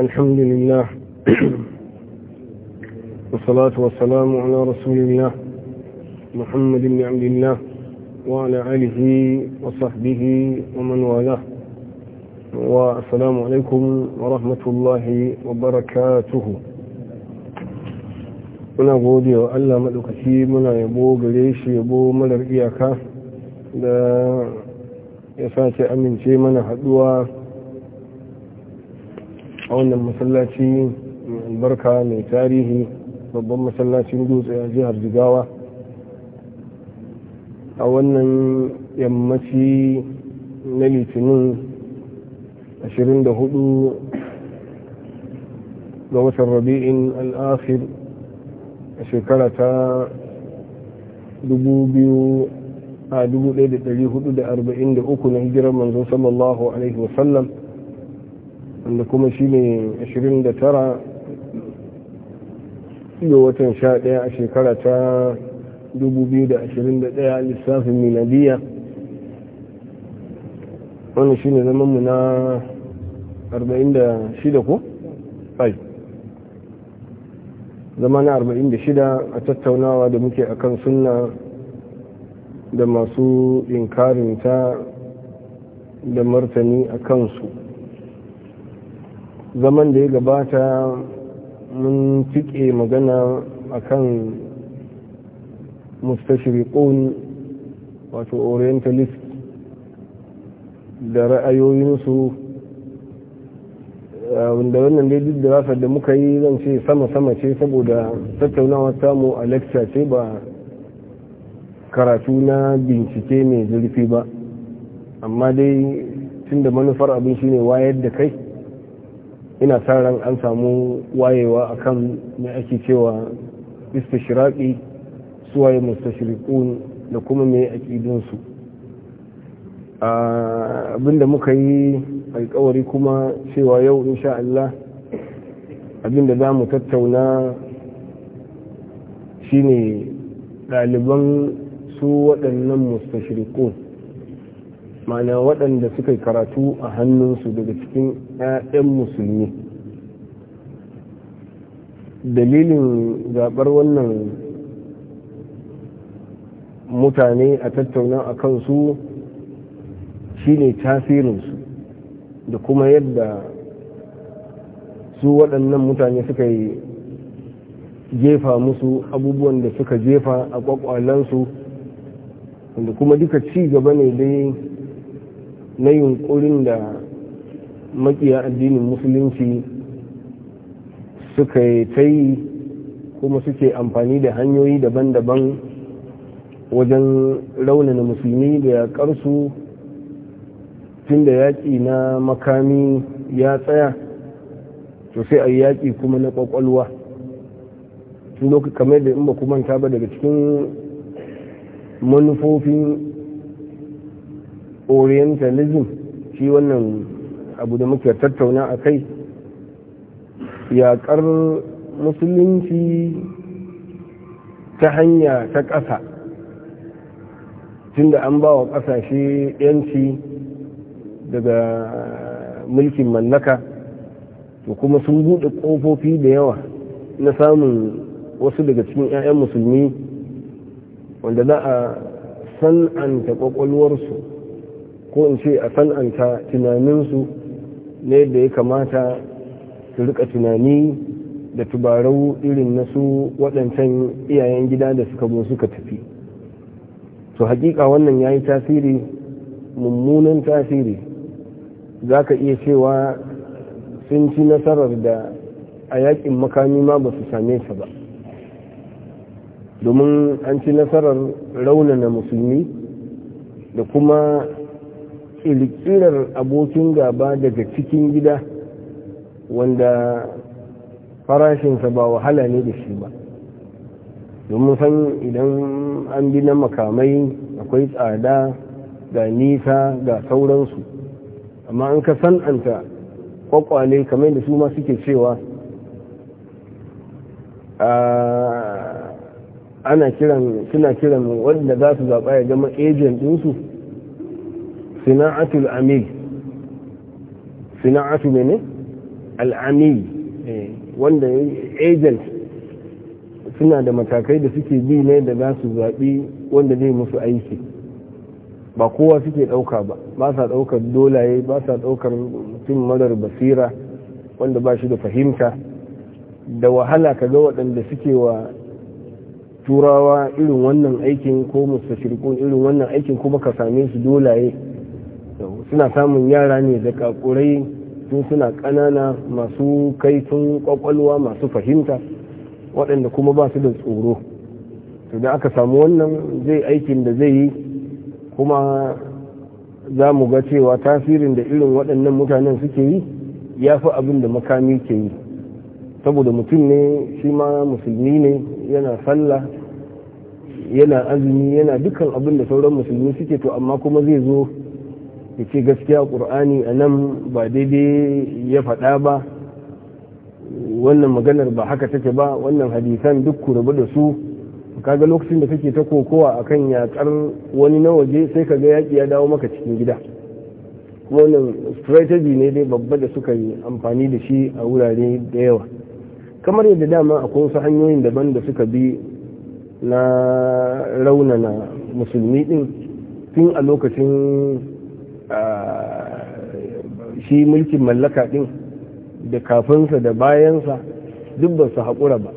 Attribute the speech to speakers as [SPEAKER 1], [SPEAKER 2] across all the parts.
[SPEAKER 1] الحمد لله والصلاة والسلام على رسول الله محمد بن عبد الله وعلى آله وصحبه ومن والاه والسلام عليكم ورحمة الله وبركاته muna gode wa Allah maɗaukaci muna yabo gare shi yabo marar iyaka da ya sace amince mana haɗuwa a wannan masallaci albarka mai tarihi babban masallacin dutse a jihar jigawa a wannan yammaci na litinin 24 ga watan rabi'in al'afir a shekara ta 2443 na hijirar manzon sallallahu alaihi wasallam wanda kuma shi ne 29 ga watan 11 a shekara ta 2021 lissafin miladiya wannan shi ne zamanmu na 46 ko? ai zama na 46 a tattaunawa da muke a kan sunna da masu inkarinta da martani a kansu zaman da ya gabata mun cike magana akan mustashriqun wato orientalist da ra'ayoyinsu wanda wannan dai duk da da muka yi zan ce sama-sama ce saboda tattaunawa samu a lecture ce ba karatu na bincike mai zurfi ba amma dai tun da manufar abin ne wayar da kai ina sa ran an samu wayewa akan mai ake cewa waye suwaye mustashriqun da kuma mai aƙidunsu su abinda muka yi alkawari kuma cewa yau insha Allah abinda za mu tattauna shine ɗaliban su waɗannan mustashriqun ma'ana waɗanda suka yi karatu a hannunsu daga cikin 'ya'yan musulmi dalilin zaɓar wannan mutane a tattauna a kansu shine tasirinsu da kuma yadda su waɗannan mutane suka yi jefa musu abubuwan da suka jefa a ƙwaƙwalansu wanda kuma duka ci gaba ne dai na yunkurin da makiya addinin musulunci suka yi ta yi kuma suke amfani da hanyoyi daban-daban wajen raunana musulmi da yaƙarsu tun da yaƙi na makami ya tsaya to sai a yi yaƙi kuma na ƙwaƙwalwa tun lokacin kamar da in ba manta ba daga cikin manufofin orientalism shi wannan abu da muke tattauna a kai yaƙar musulunci ta hanya ta ƙasa tunda an ba wa ƙasashe 'yanci daga mulkin mallaka to kuma sun buɗe ƙofofi da yawa na samun wasu daga cikin 'ya'yan musulmi wanda za a san'anta ƙwaƙwalwarsu ko in ce a san'anta tunaninsu na yadda ya kamata su rika tunani da tubarau irin na su waɗancan iyayen gida da suka zo suka tafi to hakika wannan ya yi tasiri mummunan tasiri za ka iya cewa sun ci nasarar da a yakin makami ma ba su same sa ba domin an ci nasarar raunana musulmi da kuma kirkirar abokin gaba daga cikin gida wanda farashinsa ba wahala ne da shi ba domin san idan an bi na makamai akwai tsada ga nisa ga sauransu amma an ka san'anta kwakwale kamar da su ma suke cewa ana kiran suna kiran wadda za su zaɓa ya zama ejen ɗinsu sina'atul amil sina'atu mene al'amil wanda agent suna da matakai da suke bi ne da za su zaɓi wanda zai musu aiki ba kowa suke ɗauka ba ba sa ɗaukar dolaye ba sa ɗaukar mutum marar basira wanda ba shi da fahimta da wahala ka ga waɗanda suke wa turawa irin wannan aikin ko mustashirikun irin wannan aikin kuma ka same su dolaye suna samun yara ne da kakurai sun suna kanana masu kaifin kwakwalwa masu fahimta waɗanda kuma ba su da tsoro to da aka samu wannan zai aikin da zai yi kuma za mu ga cewa tasirin da irin waɗannan mutanen suke yi ya fi abin da makami ke yi saboda mutum ne shi ma musulmi ne yana sallah yana azumi yana dukkan abin da sauran musulmi suke to amma kuma zai zo ya ce gaskiya ƙur'ani a nan ba daidai ya faɗa ba wannan maganar ba haka take ba wannan hadisan duk ku rabu da su kaga lokacin da kake ta kokowa kan yakar wani na waje sai ka ga yaƙi ya dawo maka cikin gida kuma wannan strategy ne dai babba da suka yi amfani da shi a wurare da yawa kamar yadda dama akwai wasu hanyoyin daban da suka bi na raunana musulmi din tun a lokacin shi mulkin mallaka din da kafinsa da bayansa duk ba su haƙura ba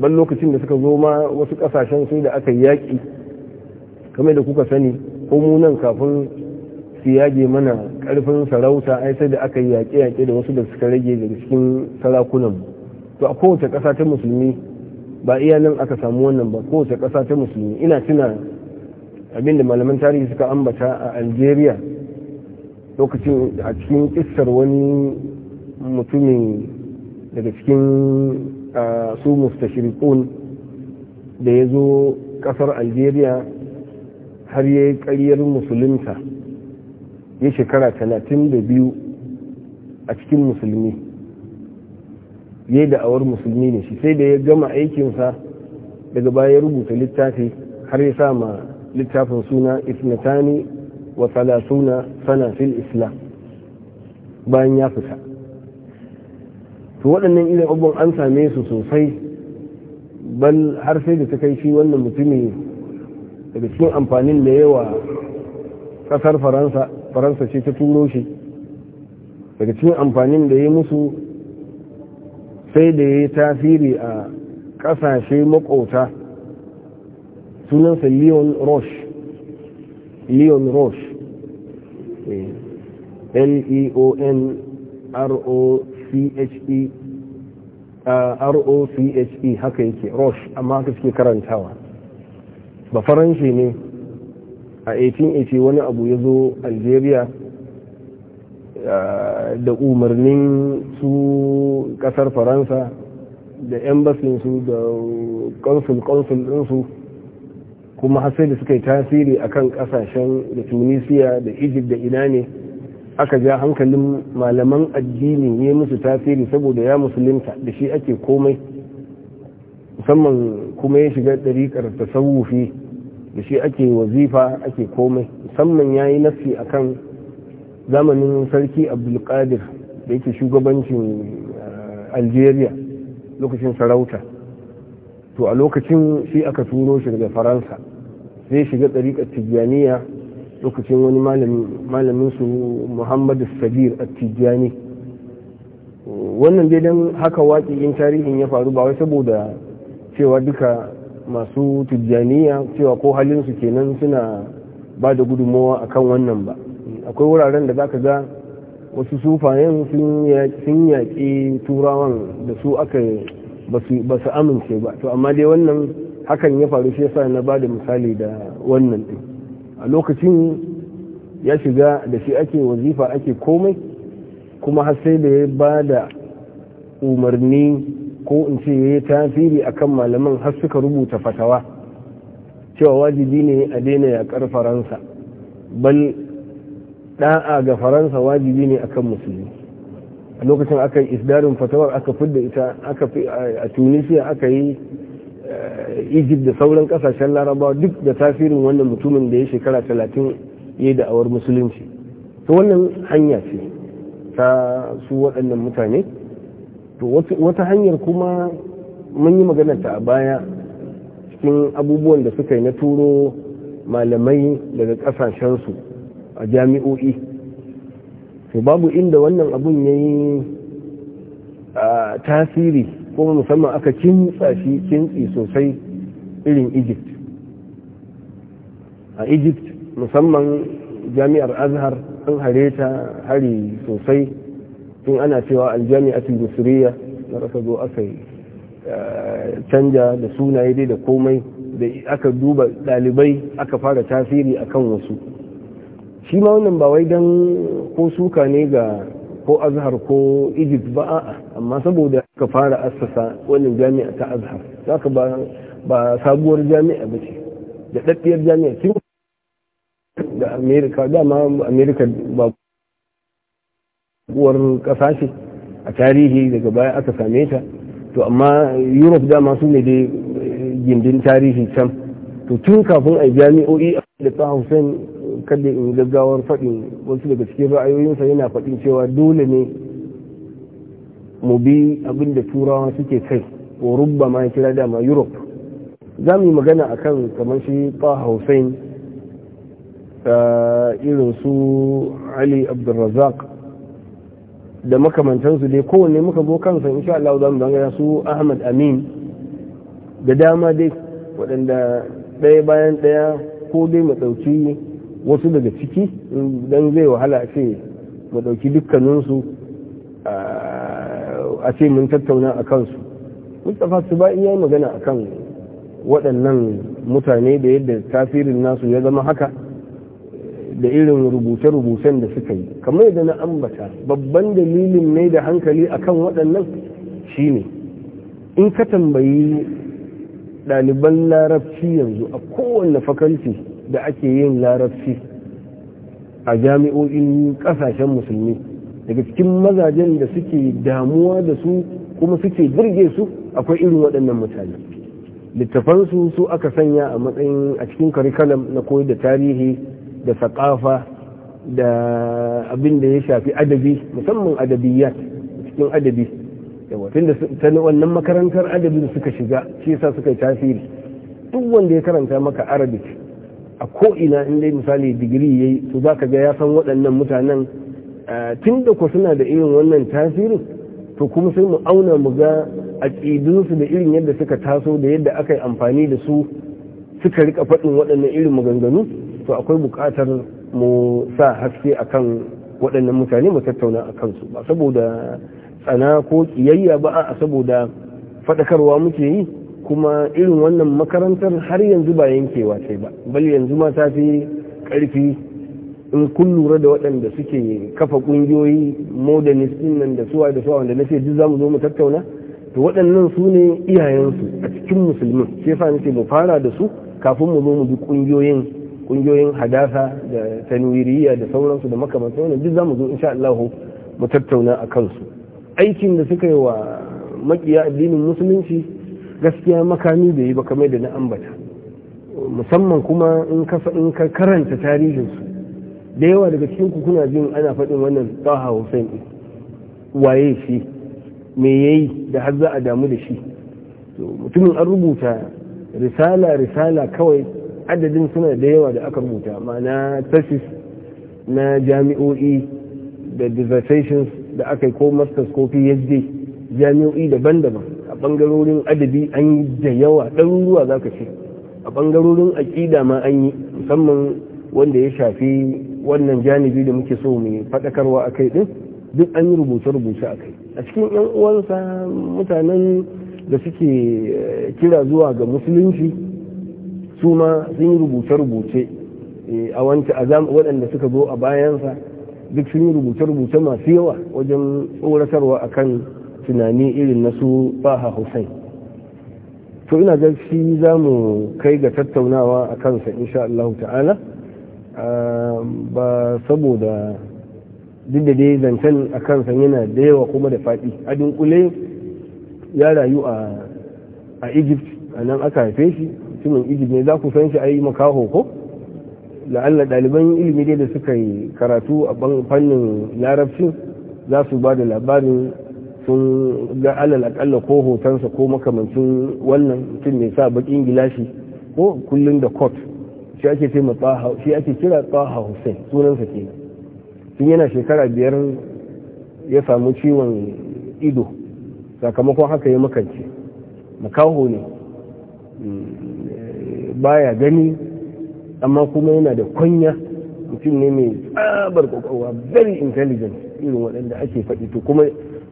[SPEAKER 1] ban lokacin da suka zo ma wasu kasashen sai da aka yaƙi kamar da kuka sani ko kafin su yage mana ƙarfin sarauta ai sai da aka yaƙe-yaƙe da wasu da suka rage daga cikin sarakunan mu to a kowace ƙasa ta musulmi ba iya nan aka samu wannan ba kowace ƙasa ta musulmi ina tuna abinda malaman tarihi suka ambata a algeria lokacin a cikin kissar wani mutumin daga cikin su mustashirikun da ya zo kasar algeria har ya yi karyar musulunta ya shekara talatin da biyu a cikin musulmi ya da'awar musulmi ne shi sai da ya gama aikinsa daga baya rubuta littafi har ya ma littafin suna isnatani wa salasuna sana fil islam bayan ya fita to waɗannan irin abubuwan an same su sosai bal har sai da ta kai shi wannan mutumi daga cikin amfanin da yawa ƙasar faransa faransa ce ta turo shi daga cikin amfanin da ya musu sai da ya yi tasiri a ƙasashe maƙota sunansa leon roche leon roche l-e-o-n-r-o-c-h-e eh, r-o-c-h-e uh, e, haka yake rosh amma haka suke karantawa ba faranshe ne a 1880 wani abu ya zo algeria uh, da umarnin su kasar faransa da su da consul consul ɗinsu kuma har sai da suka yi tasiri akan kasashen da tunisiya da egypt da ina ne aka ja hankalin malaman addini ya musu tasiri saboda ya musulunta da shi ake komai musamman kuma ya shiga ɗariƙar tasawufi da shi ake wazifa ake komai musamman ya yi nafi kan zamanin sarki abdulkadir da yake shugabancin eh, algeria lokacin sarauta to a lokacin shi aka turo shi daga faransa zai shiga ɗariƙar tijjaniya lokacin wani malamin su muhammadu sabir a tijjani wannan dai don haka waƙiƙin tarihin ya faru ba wai saboda cewa duka masu tijjaniya cewa ko halinsu kenan suna ba da a kan wannan ba akwai wuraren da zaka ga wasu sufayen sun yaƙi turawan da su aka ba su amince ba to amma dai wannan hakan ya faru shi yasa na bada misali da wannan din a lokacin ya shiga da shi ake wazifa ake komai kuma har sai da ya ba da umarni ko in ce ya yi tasiri a malaman har suka rubuta fatawa cewa wajibi ne a daina yakar faransa bal da'a ga faransa wajibi ne akan musulmi a lokacin aka yi isdarin fatawar aka fidda ita aka a tunisiya aka yi Eh, egypt da sauran kasashen larabawa duk da tasirin wannan mutumin da ya shekara talatin ya yi awar musulunci to wannan hanya ce ta su waɗannan mutane to wata hanyar kuma mun yi maganar ta a baya cikin abubuwan da suka yi na turo malamai daga ƙasashensu a jami'o'i to babu inda wannan abun ya yi ah, tasiri kuma musamman aka kintsa shi kintsi sosai irin egypt a egypt musamman jami'ar azhar an hare ta hari sosai tun ana cewa aljami'atul misriya na rasa zo aka eh, canja da sunaye dai da komai da aka duba dalibai aka fara tasiri akan wasu shi ma wannan ba wai dan ko suka ne ga ko azhar ko egypt ba a'a amma saboda ka fara assasa wannan jami'a ta azhar zaka ka ba sabuwar jami'a ba ce da daddiyar jami'a ce da da dama amerika ba kuwar ƙasashe a tarihi daga baya aka same ta to amma europe dama su ne dai gindin tarihi can to tun kafin a jami'o'i da ta hussein kada in gaggawar faɗi wasu daga cikin ra'ayoyinsa yana faɗin cewa dole ne mu bi abin da turawa suke kai wa rubba ma kira dama europe za mu yi magana a kan kamar shi ta irin su ali abdulrazak da makamantansu dai kowanne muka zo kansa insha Allah za mu su ahmad amin da dama dai waɗanda ɗaya bayan ɗaya ko dai mu ɗauki wasu daga ciki don zai wahala a ce mu ɗauki dukkaninsu a ce mun tattauna a kansu mustapha su ba iya magana a kan waɗannan mutane da yadda tasirin nasu ya zama haka da irin rubuce-rubucen da suka yi kamar yadda na ambata babban dalilin ne da hankali akan waɗannan shine in ka tambayi ɗaliban larabci yanzu a kowane fakalti da ake yin larabci a jami'o'in kasashen musulmi daga cikin mazajen da suke damuwa da su kuma suke birge su akwai irin waɗannan mutane littafansu su aka sanya a matsayin a cikin karikalam na koyar da tarihi da saƙafa da abin da ya shafi adabi musamman adabiyyat cikin adabi da ta wannan makarantar adabi da suka shiga shi yasa suka yi tasiri duk wanda ya karanta maka arabic a ko'ina in dai misali digiri ya yi to za ka ga ya san waɗannan mutanen tun da ku suna da irin wannan tasirin to kuma sai mu auna mu ga a aƙidunsu da irin yadda suka taso da yadda aka yi amfani da su suka rika faɗin waɗannan irin maganganu to akwai buƙatar mu sa haske a kan waɗannan mutane mu tattauna a kansu ba saboda tsana ko ƙiyayya ba a saboda faɗakarwa muke yi kuma irin wannan makarantar har yanzu ba yankewa sai ba bal yanzu ma ta fi ƙarfi in kun lura da waɗanda suke kafa ƙungiyoyi modernist din nan da suwa da suwa wanda na ce duk zamu zo mu tattauna to waɗannan su ne iyayensu a cikin musulmin sai fa nace mu fara da su kafin mu zo mu bi ƙungiyoyin ƙungiyoyin hadasa da tanwiriya da sauransu da makamantan wannan duk zamu zo insha Allah mu tattauna a kansu aikin da suka yi wa makiya addinin musulunci gaskiya makami bai yi ba kamar da na ambata musamman kuma in ka karanta tarihinsu da yawa daga cikin ku kuna jin ana faɗin wannan taha hussein waye shi me yayi da har za a damu da shi mutumin an rubuta risala risala kawai adadin suna da yawa da aka rubuta ma'ana thesis na jami'o'i da dissertations da aka yi ko masters ko phd jami'o'i daban-daban bangarorin adabi an yi da yawa ɗaruruwa za ka ce a bangarorin aƙida ma an yi musamman wanda ya shafi wannan janibi da muke so mai faɗakarwa a kai ɗin duk an yi rubuce-rubuce a kai a cikin 'yan uwansa mutanen da suke eh, kira zuwa ga musulunci su ma sun yi rubuce-rubuce eh, a wancan waɗanda suka zo a bayansa duk sun yi rubuce-rubuce masu yawa wajen tsoratarwa akan tunani irin na su baha hussein to ina ga shi za mu kai ga tattaunawa a kansa insha Allah ta'ala ah, ba saboda duk da dai zancen a kansa yana da yawa kuma da faɗi a dunkule ya rayu a egypt a nan aka haife shi mutumin egypt ne za ku san shi a yi makaho ko la'alla ɗaliban ilimi dai da suka yi karatu a fannin larabcin za su ba da labarin sun ga alal akalla ko hotonsa ko makamancin wannan mutum mai sa bakin gilashi ko kullum da court shi ake ce ma shi ake kira tsaha hussein sunansa ke tun yana shekara biyar ya samu ciwon ido sakamakon haka ya makance makaho ne mm, baya gani amma kuma yana da kwanya mutum ne mai tsabar kwakwawa very intelligent irin waɗanda ake faɗi to kuma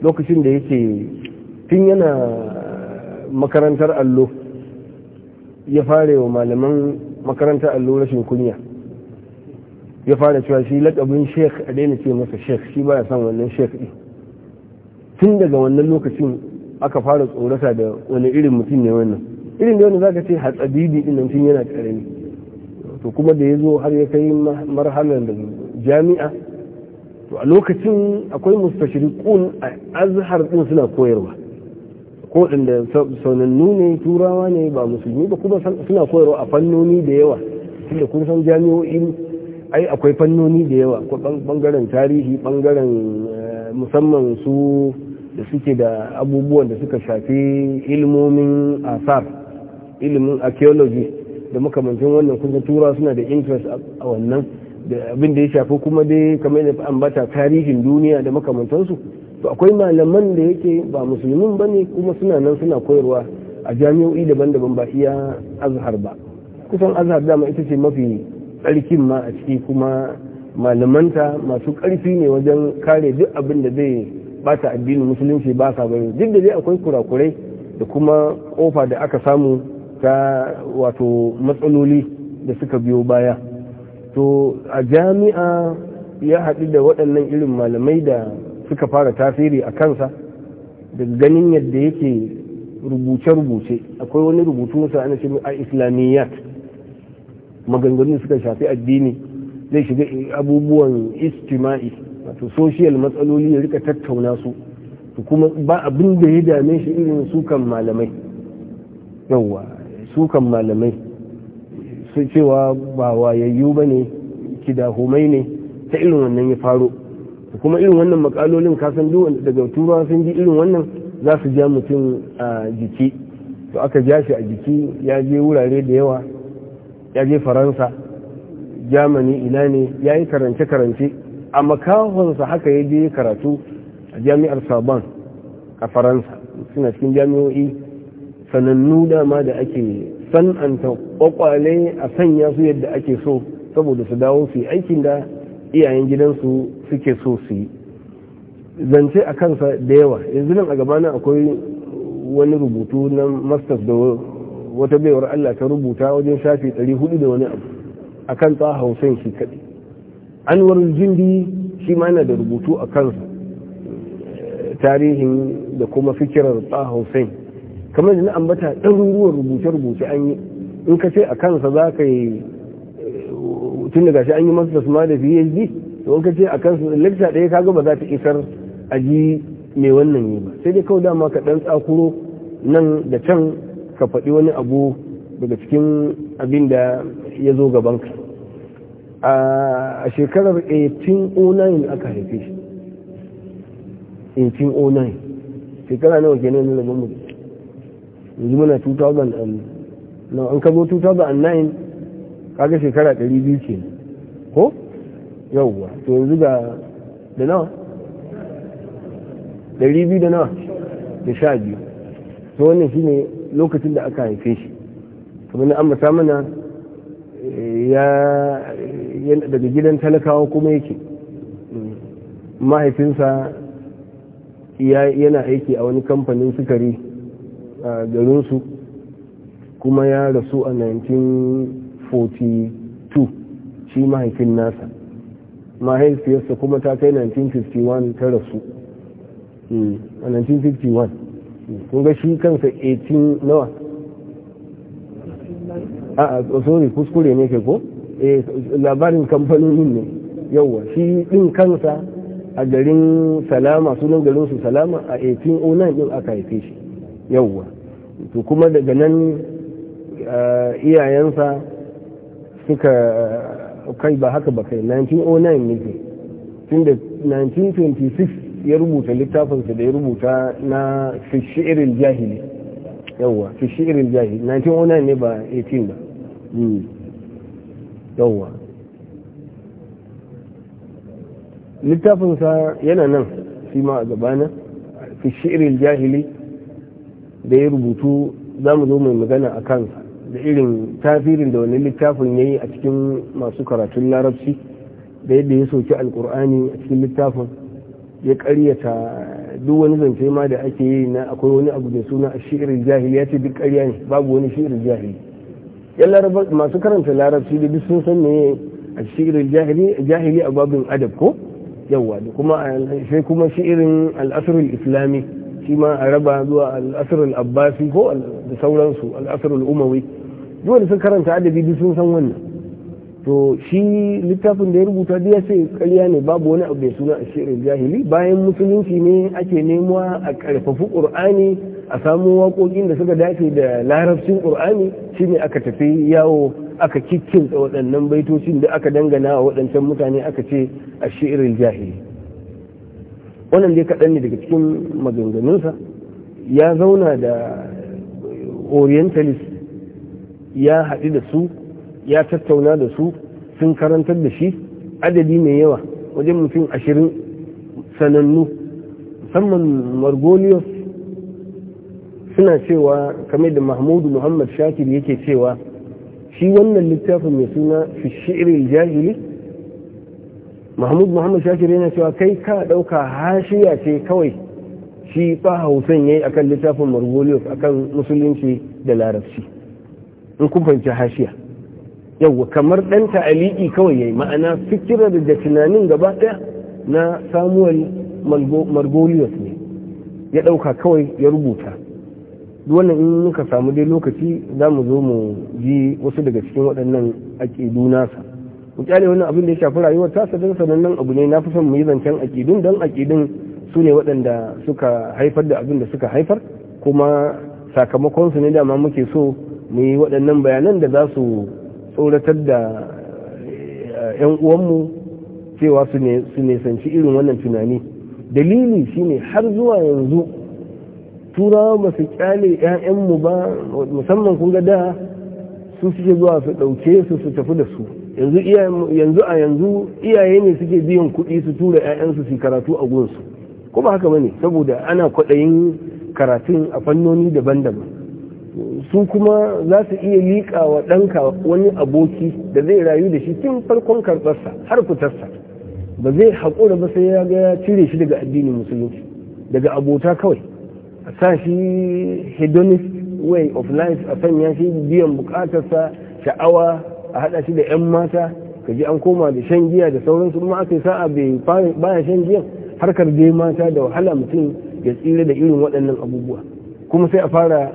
[SPEAKER 1] lokacin da yake tun yana makarantar allo ya fare wa malaman makarantar allo rashin kunya ya fara cewa shi lakabin shek a daina ce masa shek shi baya son wannan sheikh ɗin tun daga wannan lokacin aka fara tsorata da wani irin mutum ne wannan irin da wani zaka ce hatsabibi ɗin tun yana karami to kuma da ya zo har ya kai marhalar da jami'a to a lokacin akwai a azhar din suna koyarwa ko inda sanannu ne turawa ne ba musulmi ba kuma suna koyarwa a fannoni da yawa tunda kun san jami'o'i ai akwai fannoni da yawa ko bangaren tarihi bangaren eh, musamman su da suke da abubuwan da suka shafi ilmomin asar ilimin archaeology da makamancin wannan kusa tura suna da interest a wannan da abin da ya shafi kuma dai kamar da ambata tarihin duniya da makamantansu to akwai malaman da yake ba musulmin ba ne kuma suna nan suna koyarwa a jami'o'i daban-daban ba iya azhar ba kusan azhar dama ita ce mafi tsarkin ma a ciki kuma malamanta masu ƙarfi ne wajen kare duk abin da zai bata addinin musulunci ba sa bari duk da dai akwai kurakurai da kuma kofa da aka samu ta wato matsaloli da suka biyo baya to a jami'a ya haɗu da waɗannan irin malamai da suka fara tasiri a kansa da ganin yadda yake rubuce-rubuce akwai wani rubutu sa ana ce a islamiyyat maganganun suka shafi addini zai shiga abubuwan istima'i wato social matsaloli ya rika tattauna su kuma ba abin da ya dame shi irin sukan malamai yawwa sukan malamai su cewa ba wayayyu ba ne kidahumai ne ta irin wannan ya faro kuma irin wannan makalolin kasan duk daga turawa sun ji irin wannan za su ja mutum a jiki to aka ja shi a jiki ya je wurare da yawa ya je faransa germany ina ne ya yi karance-karance a makahonsa haka ya je karatu a jami'ar sabon a faransa suna cikin jami'o'i sanannu dama da ake san'anta kwakwale a sanya su yadda ake so saboda su dawo su yi aikin da iyayen gidansu suke so su yi zance a kansa da yawa yanzu nan a gabanin akwai wani rubutu na masters da wata baiwar allah ta rubuta wajen shafi 400 da wani abu a kan ta hausain shi kaɗai anwar jindi shi ma yana da rubutu a kansa tarihin da kuma fikirar ta hausain kamar da na ambata ɗaruruwan rubuce-rubuce an yi in ka ce a kansa za ka yi eh, tun da gashi an yi masu tasma da phd to in ka ce a kansa lecture ɗaya ka gaba za ta isar a ji mai wannan yi ba sai dai kawai dama ka ɗan tsakuro nan da can ka faɗi wani abu daga cikin abin da ya zo gaban ka a shekarar 1809 aka haife shi 1809 shekara nawa kenan na gaban mutum yanzu muna 2000 na an kabo 2009 kaga shekara 200 ce ko yauwa to yanzu ga da nawa 200 da nawa da sha biyu to wannan shine lokacin da aka haife shi kuma na ta mana eh, ya daga gidan talakawa kuma yake mahaifinsa yana aiki a wani kamfanin sukari a garinsu kuma ya rasu a 1942 shi mahaifin nasa mahaifiyarsa kuma ta kai 1951 ta rasu hmm, a 1951 kun ga shi kansa 18 nawa a sorry kuskure ne ke ko eh, labarin kamfanonin ne yauwa shi din kansa a garin salama sunan garinsu salama a 1809 din aka haife shi yawwa to kuma daga nan eh, iyayensa suka eh, kai ba haka ba kai 1909 nake tun da 1926 ya rubuta littafinsa da ya rubuta na fishirin jahili yawwa fishirin jahili 1909 ne ba 18 ba hmm. yawwa littafinsa yana nan shi ma a gabana fishirin jahili da ya rubutu za mu zo mai magana a kansa da irin tasirin da wani littafin ya yi a cikin masu karatun larabci da yadda ya soki alkur'ani a cikin littafin ya karyata duk wani zance ma da ake yi na akwai wani abu da suna a shi'irin jahili ya ce duk karya ne babu wani shi'irin jahili yan masu karanta larabci da duk sun san me a shi'irin jahili a babin adab ko yawa da kuma sai kuma shi'irin al'asrul islami shi ma a raba zuwa al'asir al'abbasi ko da sauransu al'asir al'umawi zuwa da sun karanta adabi duk sun san wannan to shi littafin da ya rubuta duk ya ce karya ne babu wani abu mai suna a shirin jahili bayan musulunci ne ake nemuwa a karfafi ƙur'ani a samu waƙoƙin da suka dace da larabcin ƙur'ani shine aka tafi yawo aka kikkinta waɗannan baitocin da aka dangana wa waɗancan mutane aka ce a shirin jahili wannan dai kaɗan ne daga cikin maganganunsa ya zauna da orientalist ya haɗu da su ya tattauna da su sun karantar da shi adadi mai yawa wajen mutum ashirin sanannu musamman margolius suna cewa kamar da mahmudu muhammad shakir yake cewa shi wannan littafin mai suna fi shi'irin jahili mahmud muhammad shakir yana cewa kai ka dauka hashiya ce kawai shi ba hausan yayi akan littafin margolius akan musulunci da larabci in kun hashiya yauwa kamar ɗan ta'aliki kawai yayi ma'ana fikirar da tunanin gaba ɗaya na samuwar margolius ne ya dauka kawai ya rubuta wannan in muka samu dai lokaci za mu zo mu ji wasu daga cikin waɗannan aƙidu nasa ku kyale wannan abin da ya shafi rayuwar tasa sadan sanannen abu ne na fi son mu yi zancen aƙidun don aƙidun su ne waɗanda suka haifar da abin da suka haifar kuma sakamakon su ne dama muke so mu yi waɗannan bayanan da za su tsoratar da 'yan eh, uwanmu cewa su sanci irin wannan tunani dalili shine har zuwa yanzu turawa ba su kyale mu ba musamman kun ga da su suke zuwa su ɗauke su su tafi da su yanzu yanzu a yanzu iyaye ne suke biyan kuɗi su tura 'ya'yansu su karatu a gunsu ko ba haka bane saboda ana kwaɗayin karatun a fannoni daban-daban su kuma za su iya liƙa wa ɗanka wani aboki da zai rayu da shi tun farkon karɓarsa har fitarsa ba zai haƙura ba sai ya ga cire shi daga addinin musulunci daga abota kawai a sa shi hedonist way of life a sanya shi biyan buƙatarsa sha'awa a haɗa shi da 'yan mata ka ji an koma da shan giya da sauransu kuma aka yi sa'a baya shan giyan harkar dai mata da wahala mutum ya tsira da irin waɗannan abubuwa kuma sai a fara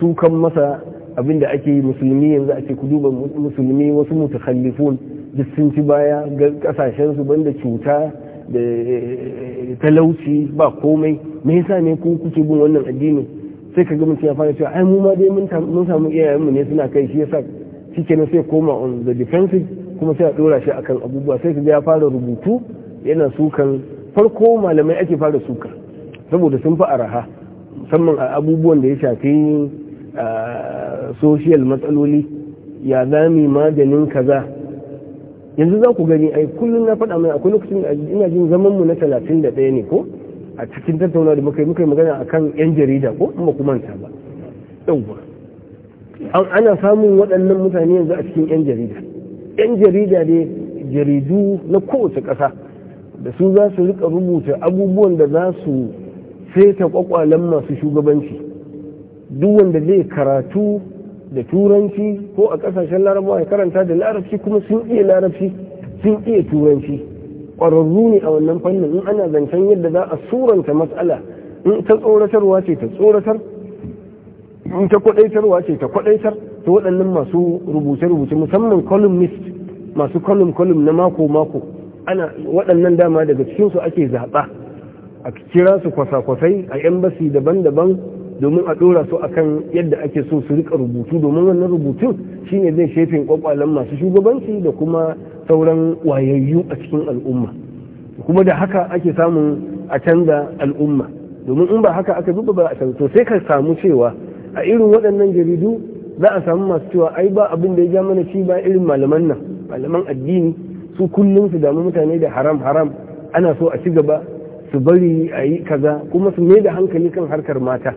[SPEAKER 1] sukan masa abin da ake musulmi yanzu a ce ku duba musulmi wasu mutakallifun duk sun ci baya ga kasashensu banda cuta da eh, talauci ba komai me yasa ne ku kuke bin wannan addini sai ka ga mutum ya fara cewa ai mu ma dai mun samu iyayenmu ne suna kai shi yasa shikenan sai koma on the defensive kuma sai a dora shi akan abubuwa sai ga ya fara rubutu yana sukan farko malamai ake fara suka saboda sun fi araha musamman a abubuwan da ya shafi social matsaloli ya zami maganin kaza yanzu za ku gani ai kullum na faɗa mai akwai lokacin ina jin zaman mu na talatin da ɗaya ne ko a cikin tattauna da muka yi magana akan yan jarida ko in ba ku manta ba yauwa ana samun waɗannan mutane yanzu a cikin 'yan jarida 'yan jarida ne jaridu na kowace ƙasa da su za su rika rubuta abubuwan da za su feta kwakwalen masu shugabanci duk wanda zai karatu da turanci ko a ƙasashen larabawa ya karanta da larabci kuma sun iya larabci sun iya turanci ƙwararru ne a wannan fannin in ana zancen yadda za a suranta matsala in ta tsoratarwa ce ta tsoratar in ta kwadaitarwa ce ta kwadaitar ta waɗannan masu rubuce-rubuce musamman columnist masu column-column na mako-mako ana waɗannan dama daga cikinsu ake zaɓa a kira su kwasa-kwasai a embassy daban-daban domin a ɗora su akan yadda ake so su rika rubutu domin wannan rubutun shine zai shefin kwakwalen masu shugabanci da kuma sauran wayayyu a cikin al'umma kuma da haka ake samun a canza al'umma domin in ba haka aka zuba ba a canza sai ka samu cewa a irin waɗannan jaridu za a samu masu cewa ai ba abin da ya ja mana ci ba irin malaman nan malaman addini su kullum su damu mutane da haram haram ana so a ci gaba su bari a yi kaza kuma su mai da hankali kan harkar mata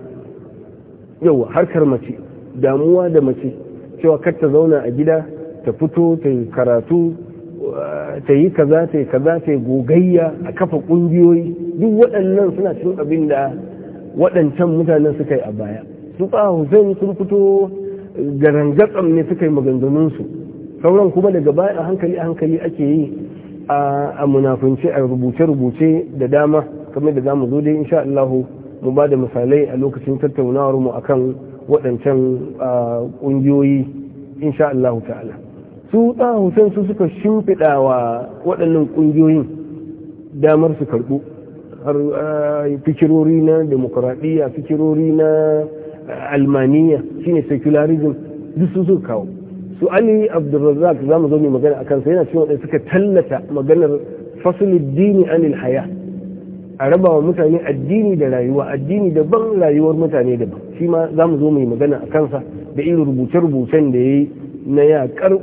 [SPEAKER 1] yauwa harkar mace damuwa da mace cewa kar ta zauna a gida ta fito ta yi karatu ta yi kaza ta yi kaza ta yi gogayya a kafa ƙungiyoyi duk waɗannan suna cin abin da waɗancan mutanen suka yi a baya su hussein sun fito garangatsam ne suka yi maganganunsu sauran kuma daga baya a hankali a hankali ake yi a munafunce a rubuce-rubuce da dama kamar da za mu zo dai insha Allah mu ba da misalai a lokacin tattaunawar mu akan waɗancan ƙungiyoyi insha Allah ta'ala su Hussein su suka shimfiɗa wa waɗannan ƙungiyoyin damar su karɓo, har fikirori na demokuraɗiyya fikirori na almaniya shine secularism duk su kawo su ali abdulrazak za mu zo mu magana akan kansa yana cewa wadanda suka tallata maganar fasulid dini anil haya a rabawa mutane addini da rayuwa addini daban rayuwar mutane daban shi ma za mu zo mu magana a kansa da irin rubuce-rubucen da ya yi na yaƙar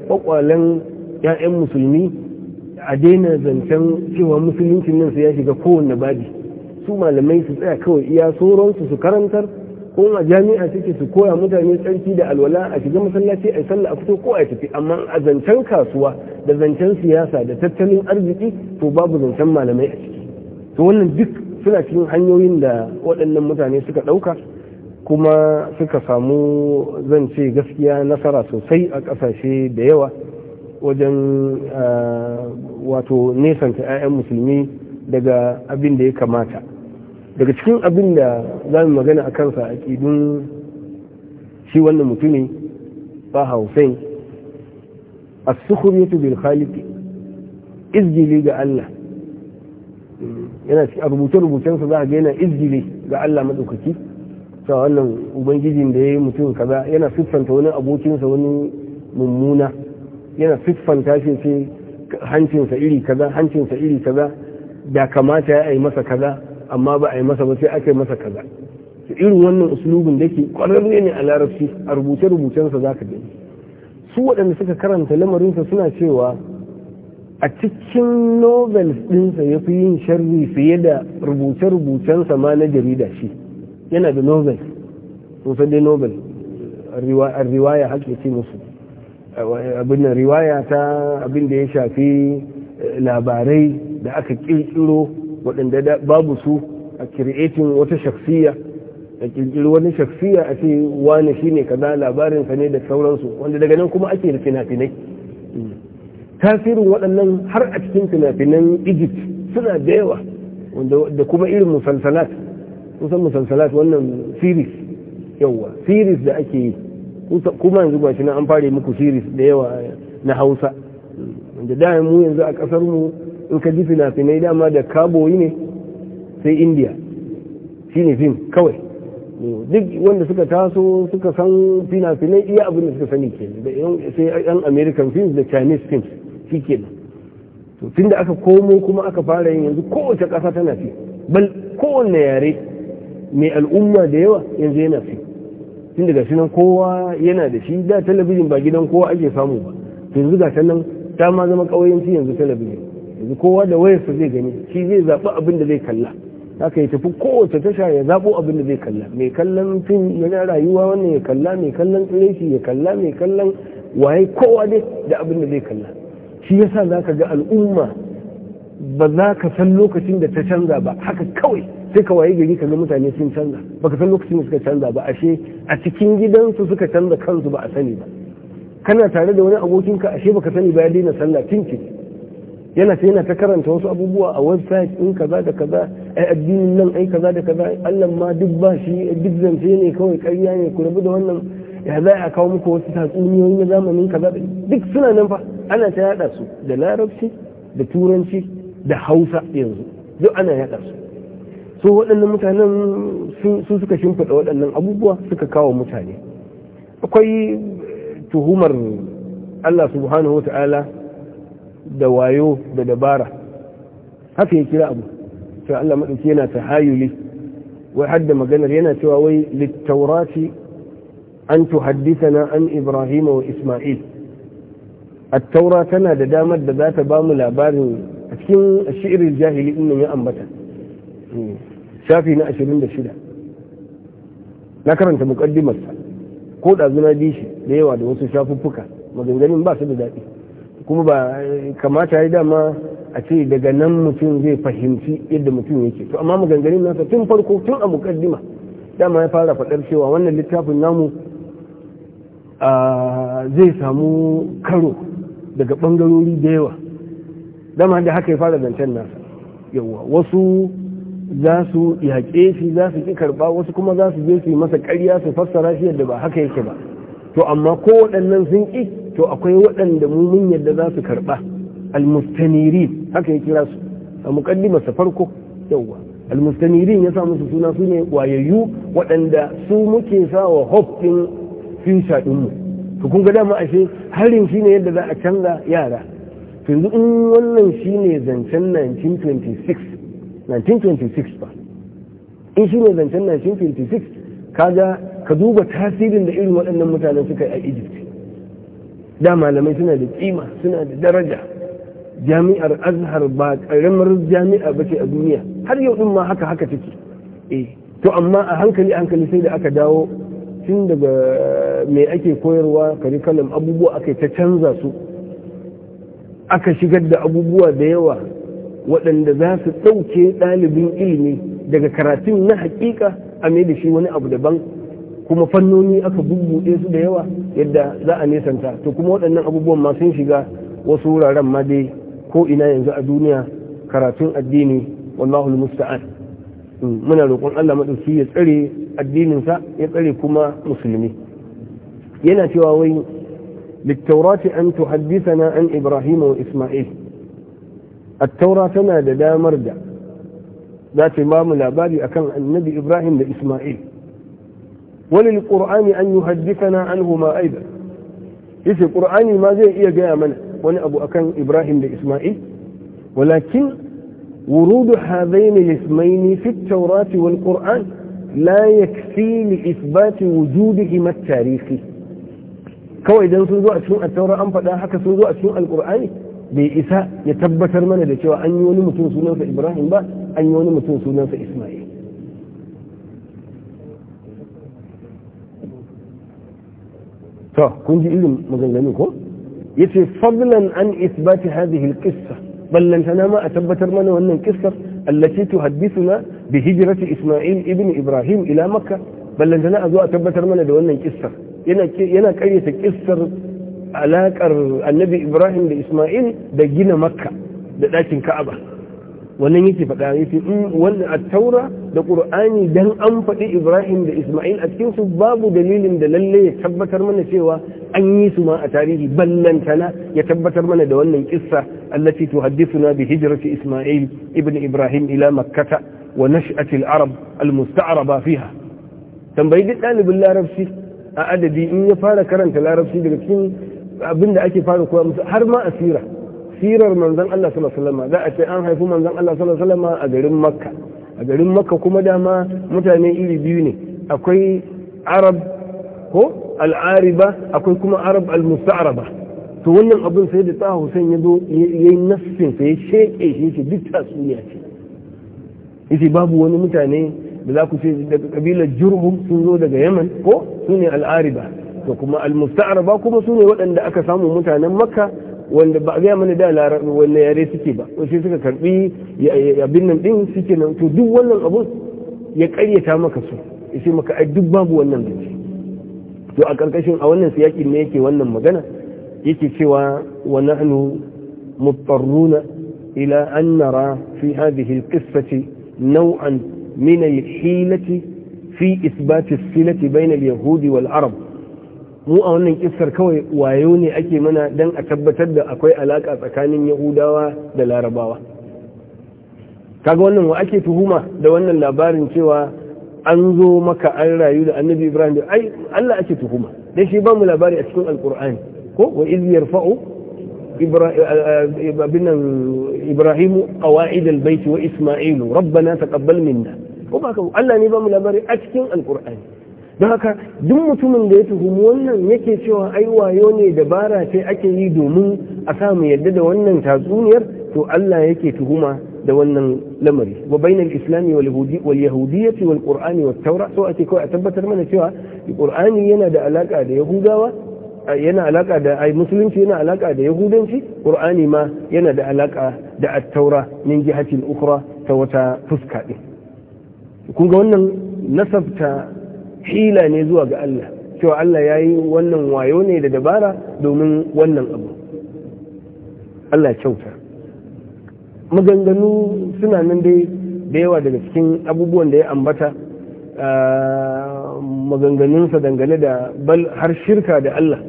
[SPEAKER 1] 'ya'yan musulmi a daina zancen cewa musuluncin nan su ya shiga kowanne babi su malamai su tsaya kawai iya sauransu su karantar ko jami'a suke su koya mutane tsarki da alwala a shiga masallaci a sallah a fito ko a tafi amma a zancen kasuwa da zancen siyasa da tattalin arziki to babu zancen malamai a ciki to wannan duk suna cikin hanyoyin da waɗannan mutane suka ɗauka kuma suka samu zance gaskiya nasara sosai a ƙasashe da yawa wajen ah, wato nesanta 'ya'yan musulmi daga abin da ya kamata daga cikin abin da za mu magana a kansa a ƙidun shi wannan mutumi ba hausain a sukuriyatu bil khaliqi izgili ga Allah yana cikin a rubuce-rubucensa za a ga yana izgili ga Allah maɗaukaki ta wannan ubangijin da ya yi mutum kaza yana siffanta wani abokinsa wani mummuna yana siffanta shi ce hancinsa iri kaza hancinsa iri kaza da kamata ya yi masa kaza amma ba a yi masa ba sai aka masa kaza su irin wannan usulubin da ke kwararre ne a larabci a rubuce-rubucensa za ka gani su waɗanda suka karanta lamarinsa suna cewa a cikin novels ɗinsa ya fi yin sharri fiye da rubuce-rubucensa ma na jarida shi yana da novel sosai dai novel riwaya haƙe ce musu abin da riwaya ta abin da ya shafi eh, labarai da aka ƙirƙiro waɗanda babu su a creating wata shaksiya a kirkiri wani shaksiya a ce wani shi ne kaza labarinsa ne da sauransu wanda daga nan kuma ake da fina-finai tasirin waɗannan har a cikin fina-finan egypt suna da yawa da kuma irin musalsalat kusan musalsalat wannan siris yawa siris da ake yi kuma yanzu ba shi nan an fare muku siris da yawa na hausa wanda da mu yanzu a ƙasar mu in ka ji fina-finai dama da kaboyi ne sai indiya shi ne fim kawai duk wanda suka taso suka san fina-finai iya abin da suka sani ke da sai yan american films da chinese films shi ke to tun da aka komo kuma aka fara yin yanzu kowace ƙasa tana fi bal kowanne yare mai al'umma da yawa yanzu yana fi tun daga nan kowa yana da shi da talabijin ba gidan kowa ake samu ba yanzu ga nan ta ma zama ƙauyenci yanzu talabijin yanzu kowa da wayarsa zai gani shi zai zaɓi abin da zai kalla haka yi tafi kowace tasha ya zaɓo abin da zai kalla mai kallon fim yana rayuwa wannan ya kalla mai kallon tsiraishi ya kalla mai kallon waye kowa dai da abin da zai kalla shi yasa za ka ga al'umma ba za ka san lokacin da ta canza ba haka kawai sai ka waye gari ka ga mutane sun canza ba ka san lokacin da suka canza ba ashe a cikin gidansu suka canza kansu ba a sani ba kana tare da wani abokinka ashe baka sani ba ya daina sallah tinkin yana sai yana ta karanta wasu abubuwa a website in kaza da kaza ai addinin nan ai kaza da kaza Allah ma duk ba shi duk zance ne kawai karya ne ku rabu da wannan ya za a kawo muku wasu tatsuniyoyi na zamanin kaza da duk suna nan fa ana ta yada su da larabci da turanci da hausa yanzu duk ana yada su so waɗannan mutanen su suka shimfiɗa waɗannan abubuwa suka kawo mutane akwai tuhumar Allah subhanahu wa ta'ala da wayo da dabara haka ya kira abu sai Allah madauki yana tahayuli wai hadda maganar yana cewa wai littaurati an na an ibrahima wa isma'il at tana da damar da za ta ba mu labarin a cikin shi'irin jahili din ya ambata hmm. shafi na 26 na karanta muqaddimarsa ko da zuna bi shi da yawa da wasu shafuffuka maganganun ba su da daɗi kuma ba eh, kamata ya dama a ce daga nan mutum zai fahimci yadda mutum yake to amma mu maganganun nasa tun farko tun a mukaddima dama ya fara faɗar cewa wannan littafin namu zai samu karo daga ɓangarori da yawa dama da haka ya fara zancen nasa yawa wasu za su yaƙe shi za su ƙi karɓa wasu kuma za su je su yi masa ƙarya su fassara shi yadda ba haka yake ba to amma ko waɗannan sun ƙi to akwai waɗanda mu mun yadda za su karɓa almustanirin haka ya kira su a muƙaddima sa farko yauwa almustanirin ya sa musu suna su ne wayayyu waɗanda su muke sa wa hope ɗin future ɗinmu to kun ga dama ashe harin ne yadda za a canza yara to yanzu in wannan shi ne zancen 1926 1926 ba in shi ne zancen 1926 kaga ka duba tasirin da irin waɗannan mutanen suka yi a egypt da malamai suna da kima suna da daraja jami'ar azhar ba karamar jami'a ba ce a duniya har yau ɗin ma haka haka take eh to amma a hankali a hankali sai da aka dawo tun daga eh, me ake koyarwa curriculum abubuwa aka ta canza su aka shigar da abubuwa da yawa waɗanda za su ɗauke ɗalibin ilimi daga karatun na haƙiƙa, a mai da shi wani abu daban kuma fannoni aka bubbuɗe su da yawa yadda za a nesanta to kuma waɗannan abubuwan ma sun shiga wasu wuraren ma dai ko ina yanzu a duniya karatun addini wallahu musta'an mm, muna roƙon Allah madauki ya tsare addininsa ya tsare kuma musulmi yana cewa wai littaurati an tuhaddisana an ibrahim wa isma'il at tana da damar da za ta labari akan annabi ibrahim da isma'il وللقرآن أن يحدثنا عنهما أيضا إذا القرآن ما زي إيا جاء من وني أبو أكان إبراهيم لإسماعيل ولكن ورود هذين الاسمين في التوراة والقرآن لا يكفي لإثبات وجودهما التاريخي كو إذا سنزوء أشنو التوراة أم فلا حكا سنزوء أشنو القرآن بإساء يتبتر من الذي شوى أن يوني متنسونا في إبراهيم با أن يوني متنسونا في إسماعيل to kun ji irin maganganu ko yace fadlan an isbati hadhihi alqissa ballantana ma a tabbatar mana wannan kissar allati tuhaddithuna bi hijrati isma'il ibn ibrahim ila makka ballantana a zo a tabbatar mana da wannan kissar yana yana karyata kissar alaƙar annabi ibrahim da isma'il da gina makka da ɗakin ka'aba wannan yake faɗa yake in mm, wannan a taura da ƙur'ani dan an faɗi ibrahim da isma'il a cikin su babu dalilin da lalle ya tabbatar mana cewa an yi su ma a tarihi ballantana ya tabbatar mana da wannan kissa allati na bi hijrati isma'il ibn ibrahim ila Makkata wa nash'ati al-arab al-musta'raba fiha tambayi duk ɗalibin larabci a adadi in ya fara karanta larabci daga cikin abinda ake fara koya musu har ma asira sirar manzan Allah sallallahu alaihi za a ce an haifi manzan Allah sallallahu a garin Makka a garin Makka kuma dama mutane iri biyu ne akwai Arab ko al'ariba akwai kuma Arab al mustaaraba to wannan abin sai da ta Hussein ya zo ya yi nassin sai sheke shi shi duk Ya ce yace babu wani mutane da za ku ce daga kabilar Jurhum sun zo daga Yaman ko su ne al'ariba to kuma al mustaaraba kuma su ne waɗanda aka samu mutanen Makka wanda ba gaya mana da larabi wannan yare suke ba sai suka karbi abin nan din suke nan to duk wannan abun ya karyata maka su sai maka ai duk babu wannan da to a karkashin a wannan siyaki ne yake wannan magana yake cewa wa nahnu muttarruna ila an nara fi hadhihi alqissati naw'an min alhilati fi isbat as-silati bayna al-yahudi wal-arab mu a wannan kisar kawai wayo ne ake mana don a tabbatar da akwai alaka tsakanin yahudawa da larabawa kaga wannan wa ake tuhuma da wannan labarin cewa an zo maka an rayu da annabi ibrahim da ai allah ake tuhuma dan shi ba mu labari a cikin alkur'ani ko wa iz yarfa'u eh, ibrahimu qawaid albayt wa isma'ilu rabbana taqabbal minna ko ba ka allah ne ba mu labari a cikin alkur'ani don haka duk mutumin da ya tuhumi wannan yake cewa ai wayo ne dabara ce ake yi domin a samu yadda da wannan tatsuniyar to Allah yake tuhuma da wannan lamari wa bainal islami wal yahudiyyati wal qur'ani wat tawra so ake kawai a tabbatar mana cewa qur'ani yana da alaka da yahudawa yana alaka da ai musulunci yana alaka da yahudanci qur'ani ma yana da alaka da at-taura min jihatin ukhra ta wata fuska din kun ga wannan nasabta hila ne zuwa ga Allah cewa Allah ya yi wannan wayo ne da dabara domin wannan abu Allah kyauta maganganu suna nan dai da yawa daga cikin abubuwan da ya ambata maganganunsa dangane da bal har shirka da Allah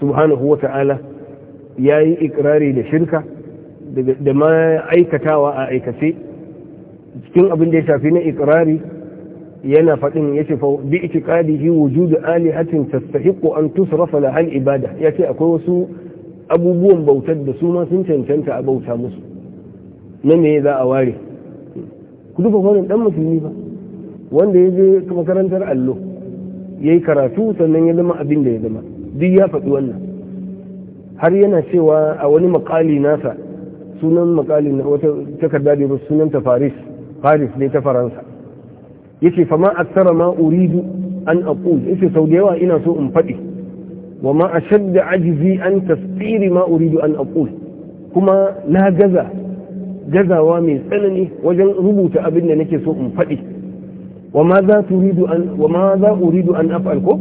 [SPEAKER 1] subhanahu wa ta'ala ya yi ikirari da shirka da ma aikatawa a aikace cikin abin da ya shafi na ikirari yana faɗin ya ce fa bi itiqadihi wujudu alihatin tastahiqu an tusrafa la al ibada ya ce akwai wasu abubuwan bautar da su ma sun cancanta a bauta musu na ne za a ware ku duba wannan dan musulmi ba wanda ya je makarantar allo ya yi karatu sannan ya zama abin da ya zama duk ya faɗi wannan har yana cewa a wani makali nasa sunan makali wata takarda da sunan ta faris faris ne ta faransa yace fama aksara ma uridu an aqul yace sau da yawa ina so in faɗi wa ma ashadda ajzi an tasdiri ma uridu an aqul kuma na gaza gazawa mai tsanani wajen rubuta abin da nake so in faɗi wa ma za uridu an af'al ko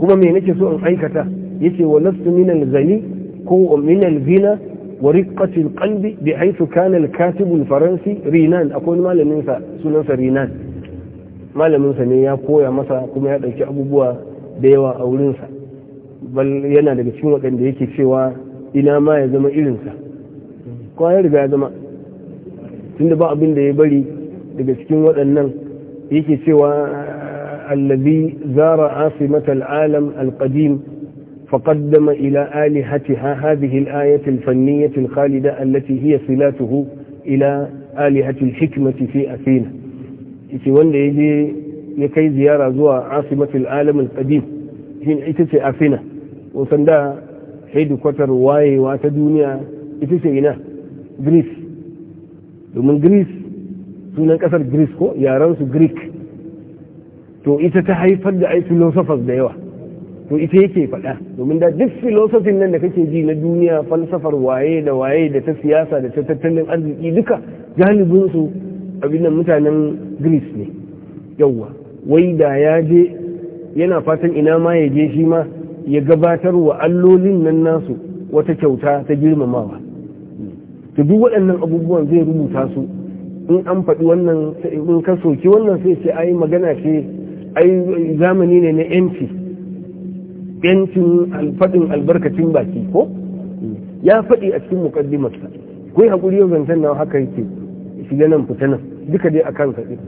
[SPEAKER 1] kuma me nake so in aikata yace wa lastu min al-ghani ko min al-ghina wa riqqati al-qalbi bi haythu kana al-katib al-faransi Rinan akwai malamin sa Rinan malaminsa ne ya koya masa kuma ya ɗauki abubuwa da yawa a wurinsa bal yana daga cikin waɗanda yake cewa ina ma ya zama irinsa kuma ya riga ya zama tunda ba abin da ya bari daga cikin waɗannan yake cewa allazi zara asimat al'alam al-qadim فقدم إلى آلهتها هذه الآية الفنية الخالدة التي هي صلاته إلى آلهة الحكمة في أثينا yace wanda ya je ya kai ziyara zuwa asimatul alam qadim shin ita ce afina wasan da hedikwatar wayewa ta duniya ita ce ina greece domin greece sunan kasar greece ko yaransu greek to ita ta haifar da ai philosophers da yawa to ita yake faɗa domin da duk filosofin nan da kake ji na duniya falsafar waye da waye da ta siyasa da ta tattalin arziki duka galibinsu abin nan mutanen greece ne yauwa wai da ya je yana fatan ina ma ya je shi ma ya gabatar wa allolin nan nasu wata kyauta ta girmamawa to duk waɗannan abubuwan zai rubuta su in an faɗi wannan in ka soki wannan sai ce ai magana ce ai zamani ne na yanci yancin faɗin albarkacin baki ko ya faɗi a cikin mukaddimarsa kai hakuri yau zancen haka yake shiga nan fita nan duka dai a kansa ɗin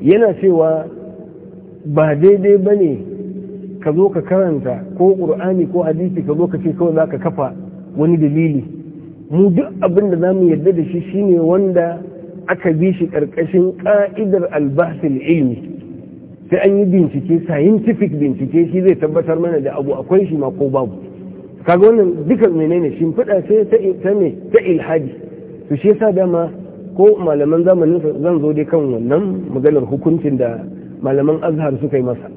[SPEAKER 1] yana cewa ba daidai ba ne ka zo ka karanta ko ƙur'ani ko hadisi ka zo ka ce kawai za ka kafa wani dalili mu duk abin da za mu yarda da shi shine wanda aka bi shi ƙarƙashin ƙa'idar albasin ilmi sai an yi bincike scientific bincike shi zai tabbatar mana da abu akwai shi ma ko babu kaga wannan duka menene shimfiɗa sai ta ilhadi to shi yasa dama ko malaman zamanin zan zo dai kan wannan maganar hukuncin da malaman azhar suka yi masa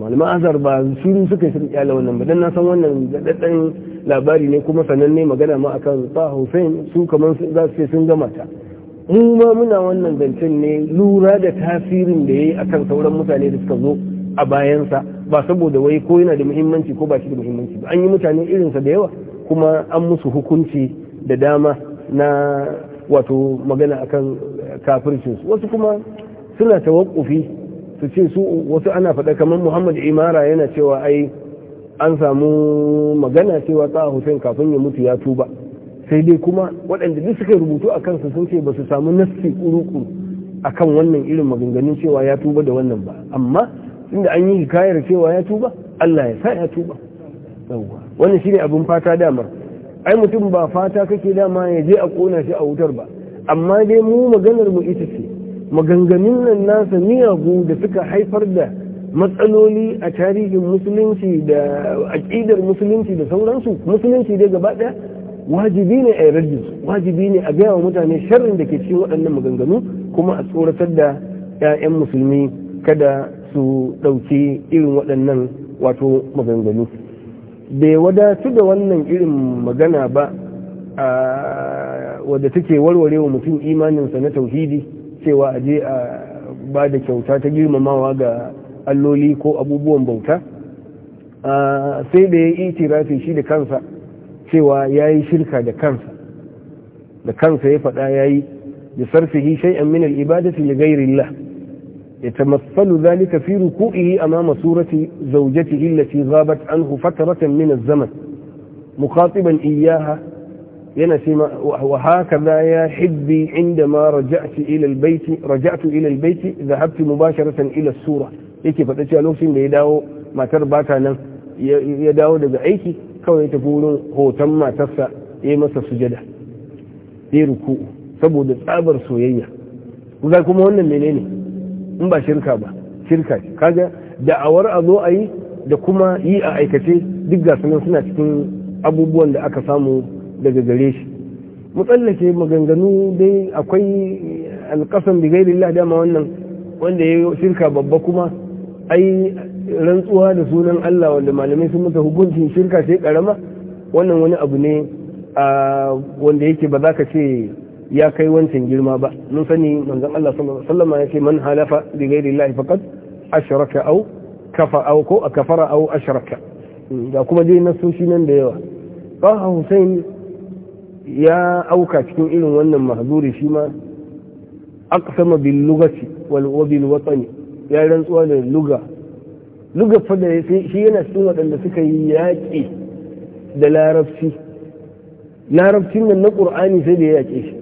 [SPEAKER 1] malaman azhar ba su suka yi suka kyala wannan ba dan na san wannan daɗaɗɗen labari ne kuma sananne magana ma akan sa Hussein su kaman za su sun gama ta mu ma muna wannan zancen ne lura da tasirin da yayi akan sauran mutane da suka zo a bayansa ba saboda wai ko yana da muhimmanci ko ba shi da muhimmanci ba an yi mutane irin sa da yawa kuma an musu hukunci da dama na wato magana akan kafircin su wasu kuma suna tawakkufi su ce su wasu ana faɗa kamar Muhammad Imara yana cewa ai an samu magana cewa ta Hussein kafin ya mutu ya tuba sai dai kuma waɗanda duk suka rubutu a kansu sun ce ba su samu nassi uruku akan wannan irin maganganun cewa ya tuba da wannan ba amma inda an yi hikayar cewa ya tuba Allah ya sa ya tuba wannan shine abin fata damar ai mutum ba fata kake dama ya je a kona shi a wutar ba amma dai mu maganar mu ita ce maganganun nan nasa miyagu da suka haifar da matsaloli a tarihin musulunci da aƙidar musulunci da sauransu musulunci dai gaba ɗaya wajibi ne a yarda wajibi ne a gaya wa mutane sharrin da ke cikin waɗannan maganganu kuma a tsoratar da 'ya'yan musulmi kada su ɗauki irin waɗannan wato maganganu bai wadatu da wannan irin magana ba wadda take warware wa mutum imaninsa na tauhidi cewa aje a ba da kyauta ta girmamawa ga alloli ko abubuwan bauta sai da ya yi itirafi shi da kansa cewa ya yi shirka da kansa da kansa ya faɗa ya yi da sarfihi shay'an min al-ibadati li Allah يتمثل ذلك في ركوعه أمام صورة زوجته التي غابت عنه فترة من الزمن مخاطبا إياها ينسم وهكذا يا حبي عندما رجعت إلى البيت رجعت إلى البيت ذهبت مباشرة إلى السورة yake faɗa cewa lokacin da ya dawo matar bata nan ya dawo daga aiki kawai ya tafi wurin hoton matarsa ya masa sujada ya ruku saboda tsabar soyayya kusa kuma wannan menene in ba shirka ba shirka ce kaga da'awar a zo a yi da kuma yi a aikace duk ga suna cikin abubuwan da aka samu daga gare shi mu maganganu dai akwai alƙasan bi gairillah dama wannan wanda ya yi shirka babba kuma ai rantsuwa da sunan Allah wanda malamai sun masa hukuncin shirka sai karama wannan wani abu ne wanda yake ba za ka ce ya kai wancan girma ba mun sani manzon Allah sallallahu alaihi wasallam ya man halafa bi ghairi Allah faqad ashraka aw kafa aw ko kafara aw ashraka hmm, ga kuma dai nasoshi nan da yawa ba Hussein ya auka cikin irin wannan mahzuri shi ma aqsama bil lughati wal wabil watani ya rantsuwa da luga luga fa da shi yana cikin wadanda suka yi yaƙi da larabci larabcin nan na qur'ani sai da ya yaƙe shi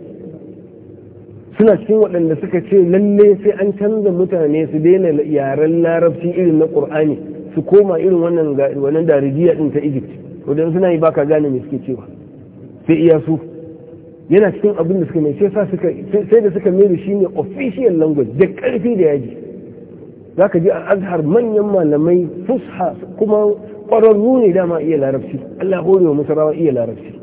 [SPEAKER 1] suna cikin waɗanda suka ce lalle sai an canza mutane su daina yaren larabci irin na ƙur'ani su koma irin wannan wannan darijiya din ta Egypt wajen suna yi baka gane me suke cewa sai iya su yana cikin abin da suka mai sai suka sai da suka mai shi ne official language da ƙarfi da yaji Za ka ji a azhar manyan malamai fusha kuma ƙwararru ne dama iya larabci Allah ya wa musarawa iya larabci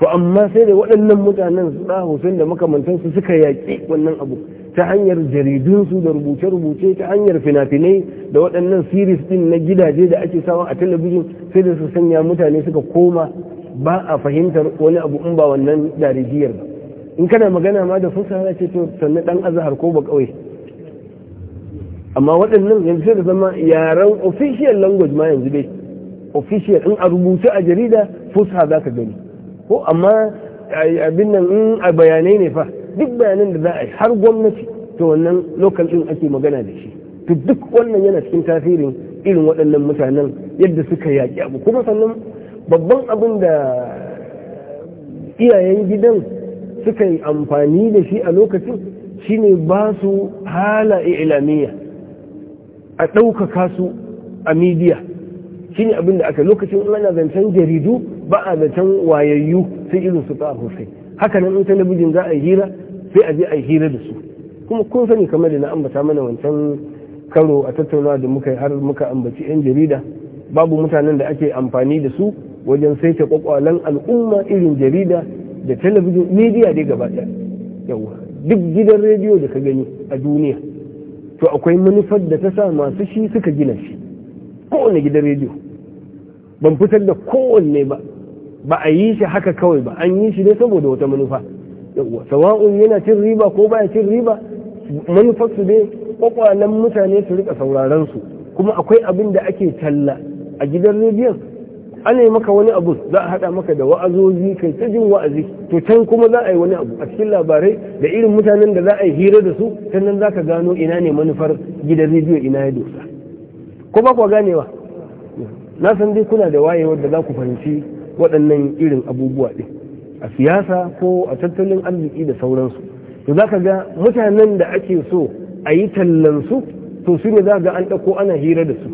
[SPEAKER 1] to amma sai da waɗannan mutanen su da hussein da makamantansu suka yaƙi wannan abu ta hanyar jaridunsu da rubuce-rubuce ta hanyar fina da waɗannan siris din na gidaje da ake sawa a talabijin sai da su sanya mutane suka koma ba a fahimtar wani abu in ba wannan darijiyar ba in kana magana ma da fusa ce to sannan dan azhar ko ba kawai amma waɗannan yanzu sai da zama yaren official language ma yanzu dai official in a rubuce a jarida fusa za ka gani ko amma abin nan in a bayanai ne fa duk bayanan da za a yi har gwamnati to wannan lokal din ake magana da shi to duk wannan yana cikin tasirin irin waɗannan mutanen yadda suka yaƙi abu kuma sannan babban abin da iyayen gidan suka yi amfani da shi a lokacin shine ba su hala ilamiya a ɗaukaka su a midiya shine abin da aka lokacin ana zancen jaridu ba a zancen wayayyu sai irin su ta hussein haka nan in talabijin za a hira sai a je a hira da su kuma kun sani kamar da na ambata mana wancan karo a tattaunawa da muka har muka ambaci yan jarida babu mutanen da ake amfani da su wajen saita kwakwalen al'umma irin jarida da talabijin media dai gaba ɗaya yawa duk gidan rediyo da ka gani a duniya to akwai manufar da ta sa masu shi suka gina shi kowane gidan rediyo ban fitar da kowanne ba ba a yi shi haka kawai ba an yi shi ne saboda wata manufa sawa'un yana cin riba ko baya cin riba manufar su ne kwakwalen mutane su rika sauraron su kuma akwai abin da ake talla a gidan rediyon an yi maka wani abu za a haɗa maka da wa'azozi kai ta jin wa'azi to can kuma za a yi wani abu a cikin labarai da irin mutanen da za a yi hira da su sannan za ka gano ina ne manufar gidan rediyo ina ya dosa ko ba kwa ganewa na san dai kuna da waye da za ku fahimci waɗannan irin abubuwa ɗin a siyasa ko a tattalin arziki da sauransu to za ka ga mutanen da ake so a yi tallansu to su ne za ga an ɗauko ana hira da su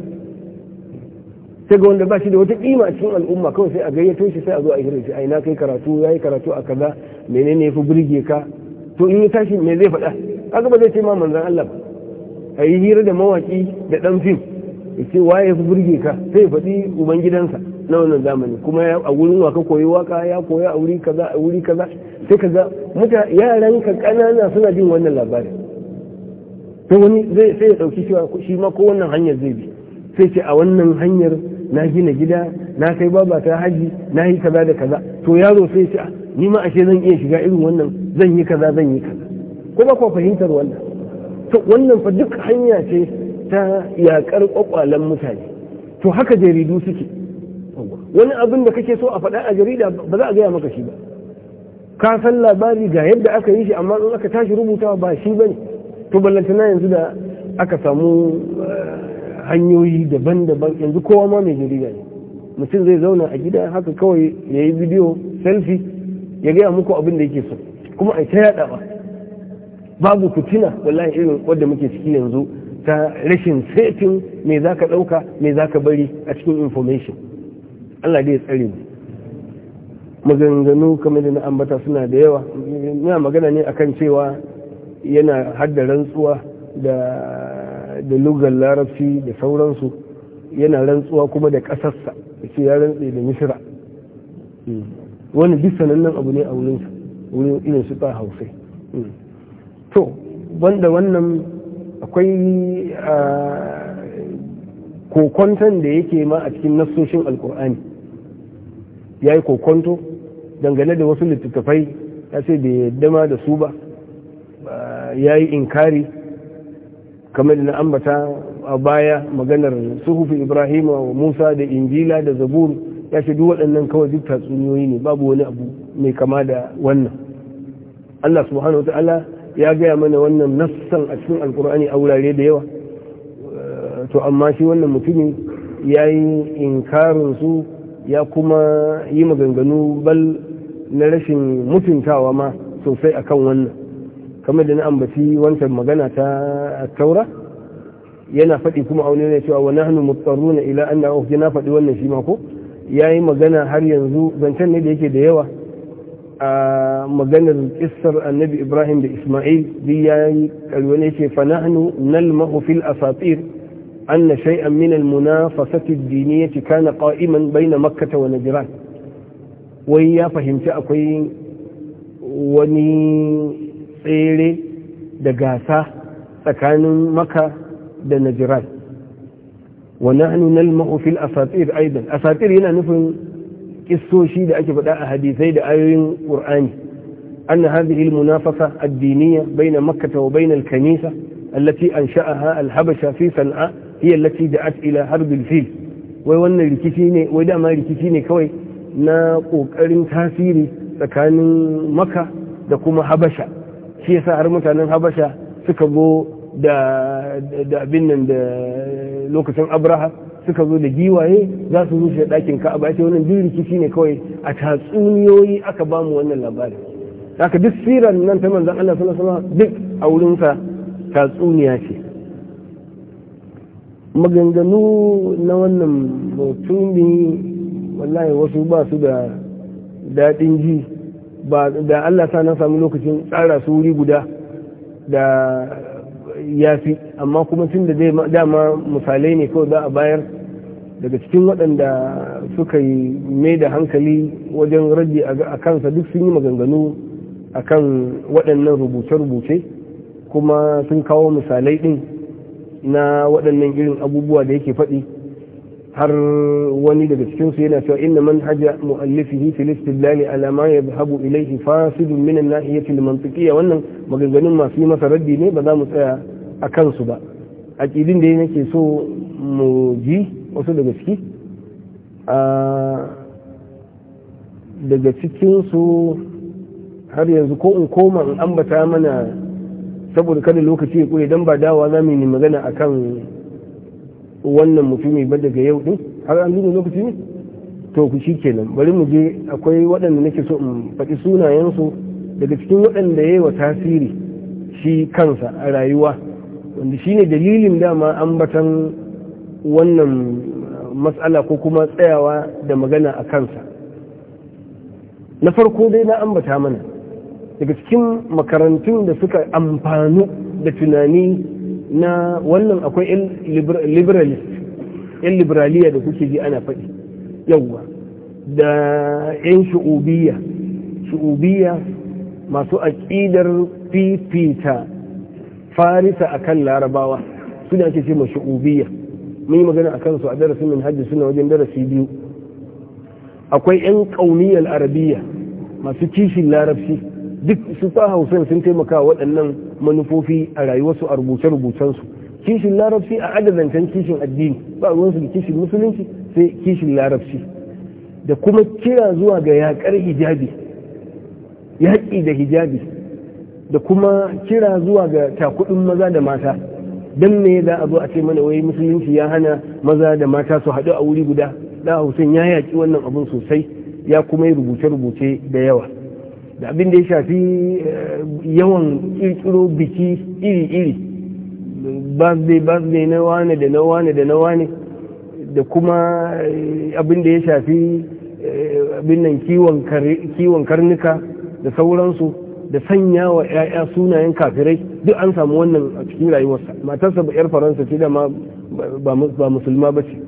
[SPEAKER 1] sai ga wanda ba shi da wata kima a cikin al'umma kawai sai a gayyato shi sai a zo a hira shi ai na kai karatu ya yi karatu a kaza menene ya fi burge ka to in ya tashi me zai faɗa kaga ba zai ce ma manzan Allah a yi hira da mawaki da ɗan fim ya ce ya fi burge ka sai ya faɗi gidansa na wannan zamani kuma a wurin waka koyi waka ya koya a wuri kaza a wuri kaza sai ka muta yaran ka kanana suna jin wannan labarin sai wani zai sai ya dauki cewa shi ma ko wannan hanyar zai bi sai ce a wannan hanyar na gina gida na kai baba ta haji na yi kaza da kaza to yaro sai ce ah, ni ma ashe zan iya shiga irin wannan zan yi kaza zan yi kaza ko ba ku fahimtar wannan to wannan fa duk hanya ce ta yakar kwakwalen mutane to haka jaridu suke wani abin da kake so a faɗa a jarida ba za a gaya maka shi ba ka san labari ga yadda aka yi shi amma in aka tashi rubuta ba shi ba ne to ballantana yanzu da aka samu eh, hanyoyi daban-daban yanzu kowa ma mai jarida ne mutum zai zauna a gida haka kawai ya yi bidiyo selfie ya gaya muku abin da yake so kuma a ta yaɗa ba babu fitina wallahi irin wadda muke ciki yanzu ta rashin setin me za ka ɗauka me za ka bari a cikin information Allah dai ya tsare mu maganganu kamar da na ambata suna da yawa ina magana ne akan cewa yana hadda rantsuwa da lugar larabci da sauransu yana rantsuwa kuma da ƙasarsa da ce ya rantse da misira hmm. wani bisa nan abu ne a wurin irin su ba hausai hmm. to banda wannan akwai ah, kokonton da yake ma a cikin nassoshin alkur'ani ya yi kokonto dangane da wasu littattafai ya ce bai yadda da su ba ah, ya yi inkari kamar da na ambata a baya maganar suhufi ibrahim wa musa da injila da zabur ya ce duk waɗannan kawai duk tatsuniyoyi ne babu wani abu mai kama da wannan allah subhanahu wa ta'ala ya gaya mana wannan nassan a cikin alkur'ani a wurare da yawa to amma shi wannan mutumin ya yi inkarin su ya kuma yi maganganu bal na rashin mutuntawa ma sosai a kan wannan kamar da na ambaci wancan magana ta taura yana faɗi kuma aune wani cewa wani nahnu na ila an ukhti oh, na faɗi wannan shi mako ko yi magana har yanzu zancen ne da yake da yawa آه، مجن الاسر النبي ابراهيم باسماعيل دي يعني الونيشي فنحن نلمغ في الاساطير ان شيئا من المنافسه الدينيه كان قائما بين مكه ونجران ويا فهمت اكوي وني سيري دغاسا سكان مكه ونجران ونحن نلمغ في الاساطير ايضا اساطير هنا نفهم kistoshi da ake faɗa a hadisai da ayoyin ƙur'ani an na haɗe ilmunafasa addiniya bai na makata wa bainal kanisa allafi an sha'aha alhabasha fi sana'a iya lati da at har harbin wai wannan rikici ne wai dama rikici ne kawai na ƙoƙarin tasiri tsakanin maka da kuma habasha shi yasa har mutanen habasha suka zo da abin da lokacin abraham suka zo da giwaye za su rushe ɗakin ka'aba ita wannan duk rikici ne kawai a tatsuniyoyi aka ba mu wannan labari haka duk siran nan ta manzan Allah suna alaihi duk a wurinsa tatsuniya ce maganganu na wannan mutumi wallahi wasu ba su da daɗin ji ba da Allah sa na samu lokacin tsara su wuri guda da ya fi amma kuma tun da dama misalai ne kawai za a bayar daga cikin waɗanda suka yi mai da hankali wajen rage a kansa duk sun yi maganganu a kan waɗannan rubuce-rubuce kuma sun kawo misalai ɗin na waɗannan irin abubuwa da yake faɗi har wani daga cikinsu yana cewa inna manhaja muallifi fil alama ala ma yadhhabu ilayhi fasidun min an-nahiyati al-mantiqiyya wannan maganganun masu yi masa raddi ne ba za mu tsaya a kansu ba aqidin da nake so mu ji wasu daga ciki daga cikinsu har yanzu ko in koma in ambata mana saboda kada lokaci ya kure don ba dawa za mu yi magana akan wannan mutumi ba daga yau din har an nuna lokaci ne to ku shi kenan bari mu je akwai waɗanda nake so in faɗi sunayensu daga cikin waɗanda ya yi wa tasiri shi kansa a rayuwa wanda shine dalilin dama ambatan wannan matsala ko kuma tsayawa da magana a kansa na farko dai na ambata mana daga cikin makarantun da suka amfanu da tunani na wannan akwai liberalist yan liberaliya da kuke ji ana faɗi yawwa da yan shu'ubiyya shu'ubiyya masu aƙidar fifita farisa akan larabawa suna ake ce ma shu'ubiyya mun yi magana a kansu a darasin min hajji suna wajen darasi biyu akwai 'yan ƙauniyar arabiya masu kishin larabci duk su fa hausa sun taimaka waɗannan manufofi a rayuwarsu a rubuce-rubucensu kishin larabci a adadancen kishin addini ba ruwansu da kishin musulunci sai kishin larabci da kuma kira zuwa ga yaƙar hijabi yaƙi da hijabi da kuma kira zuwa ga takudin maza da mata dan me za a zo a ce mana wai musulunci ya hana maza da mata su haɗu a wuri guda da hausan ya yaƙi wannan abin sosai ya kuma yi rubuce-rubuce da yawa da abin da ya shafi eh, yawan ƙirƙiro biki iri-iri birthday birthday na wane da na wane da na wane da kuma eh, abin da ya shafi eh, abin nan kiwon karnuka da sauransu da sanya wa 'ya'ya sunayen kafirai duk an samu wannan a cikin rayuwarsa matarsa ba yar faransa ce da ba musulma ba ce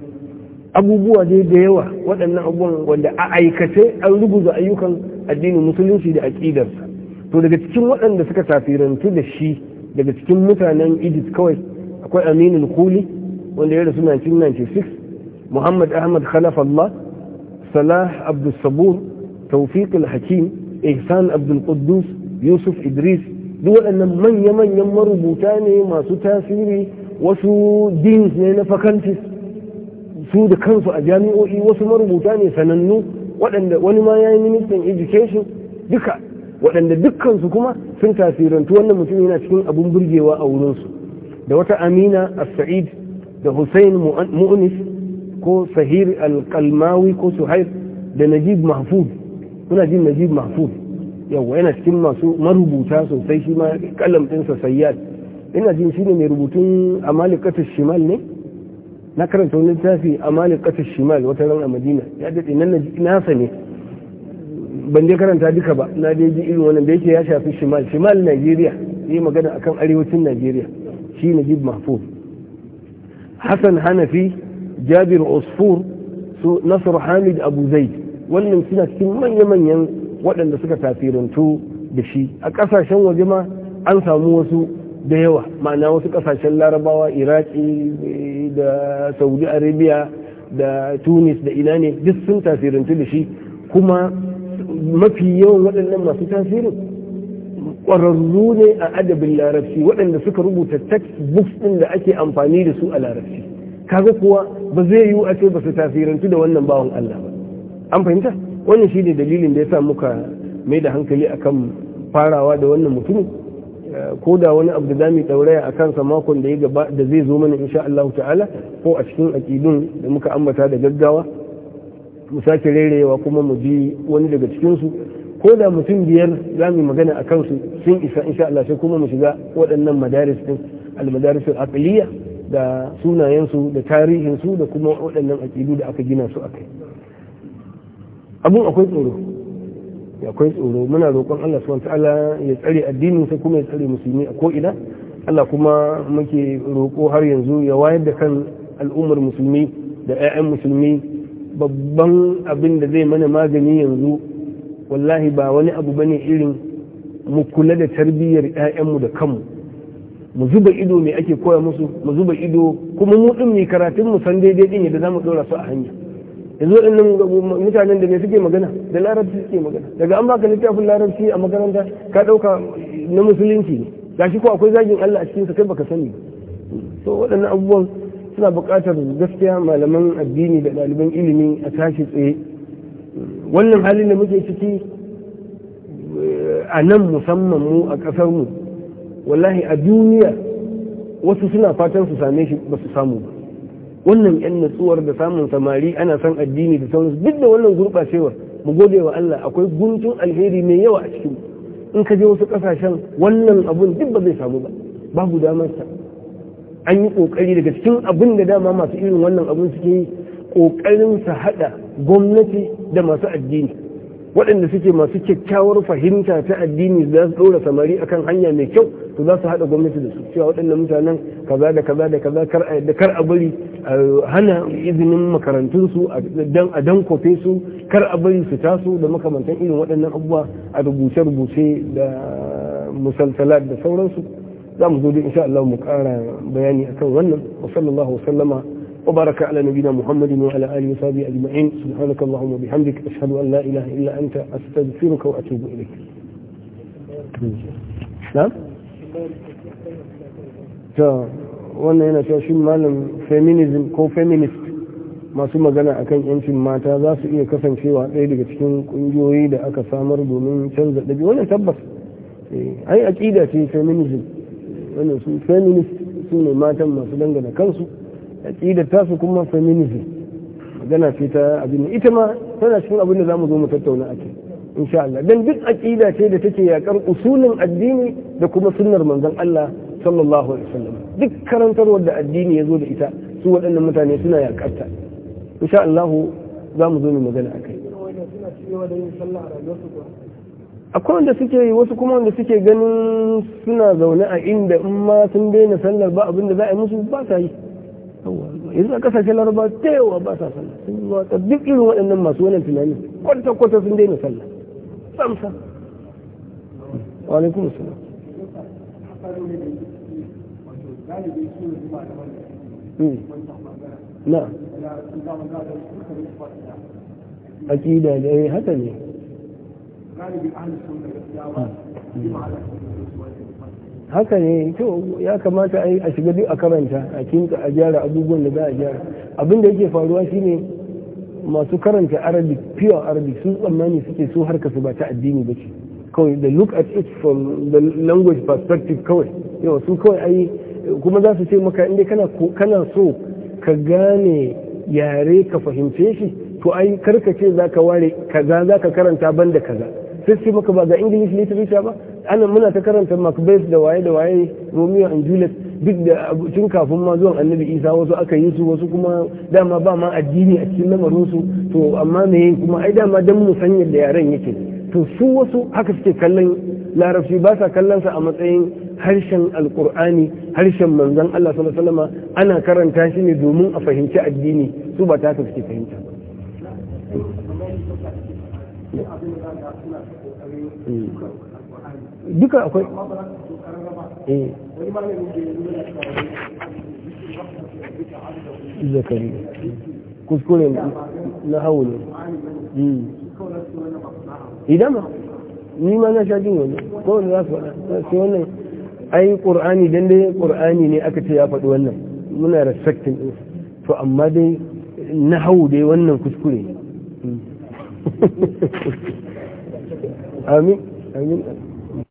[SPEAKER 1] abubuwa dai da yawa waɗannan abubuwan wanda a aikace an rubuta ayyukan addinin musulunci da aƙidarsa to daga cikin waɗanda suka tafirantu da shi daga cikin mutanen egypt kawai akwai aminu kuli wanda ya rasu 1996 muhammad ahmad khalafallah salah abdul sabur tawfiq al-hakim ihsan abdul quddus yusuf idris duk waɗannan manya-manyan marubuta ne masu tasiri wasu deans ne na faculties su da kansu a jami'o'i wasu marubuta ne sanannu waɗanda wani ma ya yi ministan education duka waɗanda dukkansu kuma sun tasirantu wannan mutum yana cikin abun burgewa a wurinsu da wata amina as-sa'id da hussein mu'unis ko sahir al-kalmawi ko suhair da najib mahfud kuna jin najib mahfud yawa yana cikin masu marubuta sosai shi ma kalam ɗinsa sayyad ina jin shi ne mai rubutun katar shimal ne na karanta wani littafi katar shimal wata ran a madina ya daɗe nan na nasa ne ban dai karanta duka ba na dai ji irin wannan da yake ya shafi shimal shimal najeriya yi magana akan arewacin najeriya shi najib mahfuz hassan hanafi jabir usfur su nasar hamid abu zaid wannan suna cikin manya-manyan waɗanda suka tasirantu da shi a ƙasashen waje ma an samu wasu da yawa ma'ana wasu ƙasashen larabawa iraki eh, da saudi arabia da tunis da ina ne duk sun tasirantu da shi kuma mafi yawan waɗannan masu tasirin ƙwararru ne a adabin larabci waɗanda suka rubuta textbooks ɗin da ake amfani da su a larabci kaga kuwa ba zai yiwu a ce ba su tasirantu da wannan bawan Allah ba an fahimta wannan shi ne dalilin da ya sa muka mai da hankali akan farawa da wannan mutum ko da wani abu da za mu dauraya a kansa makon da ya gaba da zai zo mana insha Allah ta'ala ko a cikin aƙidun da muka ambata da gaggawa mu sake rerewa kuma mu ji wani daga cikinsu ko da mutum biyar za mu magana a kansu sun isa insha Allah sai kuma mu shiga waɗannan madaris ɗin al-madaris al da sunayensu da tarihinsu da kuma waɗannan aƙidu da aka gina su akai abun akwai tsoro akwai tsoro muna roƙon Allah subhanahu ta'ala ya tsare addinin sa kuma ya tsare musulmi a ko'ina Allah kuma muke roƙo har yanzu ya wayar da kan al'ummar musulmi da 'ya'yan musulmi babban abin da zai mana magani yanzu wallahi ba wani abu bane irin mu kula da tarbiyyar 'ya'yanmu da kanmu mu zuba ido me ake koya musu mu zuba ido kuma mu din ne karatun mu san daidai din yadda zamu dora su a hanya yanzu waɗannan mutanen da ne suke magana da larabci suke magana daga an baka littafin larabci a makaranta ka ɗauka na musulunci ne gashi ko akwai zagin Allah a cikin sa kai baka sani so waɗannan abubuwan suna buƙatar gaskiya malaman addini da ɗaliban ilimi a tashi tsaye wannan halin da muke ciki a nan musamman mu a ƙasar mu wallahi a duniya wasu suna fatan su same shi ba su samu ba wannan yan natsuwar da samun samari ana son addini da sauransu duk da wannan gurɓacewar mu gode wa Allah akwai guntun alheri mai yawa a cikin in ka je wasu ƙasashen wannan abun duk ba zai samu ba babu damar sa an yi ƙoƙari daga cikin abin da dama masu irin wannan abun suke yi ƙoƙarin su haɗa gwamnati da masu addini waɗanda suke masu kyakkyawar fahimta ta addini za su ɗora samari akan hanya mai kyau to za su haɗa gwamnati da su cewa waɗannan mutanen kaza da kaza da kaza da kar a bari hana izinin makarantunsu a dan su kar a bari su taso da makamantan irin waɗannan abubuwa a rubuce-rubuce da musalsalat da sauransu za mu zo da insha Allah mu ƙara bayani akan wannan wa sallallahu wa sallama وبارك على نبينا محمد وعلى آله وصحبه أجمعين سبحانك اللهم وبحمدك أشهد أن لا إله إلا أنت أستغفرك وأتوب إليك نعم ta wannan yana cewa shi malam feminism ko feminist masu magana a kan yancin mata za su iya kasancewa ɗaya daga cikin ƙungiyoyi da aka samar domin canza ɗabi wannan tabbas ai aƙida ce feminism wannan su feminist su ne matan masu dangana kansu aƙida su kuma feminism magana ce ta abin ita ma tana cikin abin da za mu zo mu tattauna a kai insha Allah dan duk aƙida ce da take yakar usulin addini da kuma sunnar manzon Allah sallallahu alaihi wasallam duk karantarwar da addini ya zo da ita su waɗannan mutane suna yakarta insha Allah za mu zo mu magana akai akwai wanda suke yi wasu kuma wanda suke ganin suna zaune a inda in ma sun daina sallar ba abin da za a yi musu ba sa yi yawwa yanzu a kasashen laraba ta yawa ba sa sallah sun zuwa ta duk irin waɗannan masu wannan tunani kwata kwata sun daina sallah samsa wa alaikum salam na akida da haka ne galibi ahlus sunna gaskiya ba haka ne to ya kamata a shiga duk a karanta a kinka a gyara abubuwan da za a gyara abin da yake faruwa shine masu karanta arabic pure arabic sun tsammani suke so harka su ba ta addini ba ce kawai da look at it from the language perspective kawai yawa su kawai ai kuma za su ce maka inda kana kana so ka gane yare ka fahimce shi to ai karka ce za ka ware kaza za ka karanta banda kaza sai su maka ba ga ingilishi english literature ba ana muna ta karanta macbeth da waye da waye romeo and juliet duk da tun kafin ma zuwan annabi isa wasu aka yi su wasu kuma dama ba ma addini a cikin lamarin su to amma me kuma ai dama dan mu san yadda yaren yake to su wasu haka suke kallon larabci ba sa kallon sa a matsayin harshen alkur'ani harshen manzon Allah sallallahu alaihi wasallam ana karanta shi ne domin a fahimci addini su ba ta suke fahimta ba duka akwai eh. zakari kuskure na hau ne hmm. idan ma ni ma na sha wani ko wani za su faɗa sai wannan ai ƙur'ani don dai ƙur'ani ne aka ce ya faɗi wannan muna respectin ɗin to amma dai na hau dai wannan kuskure ne hmm. amin amin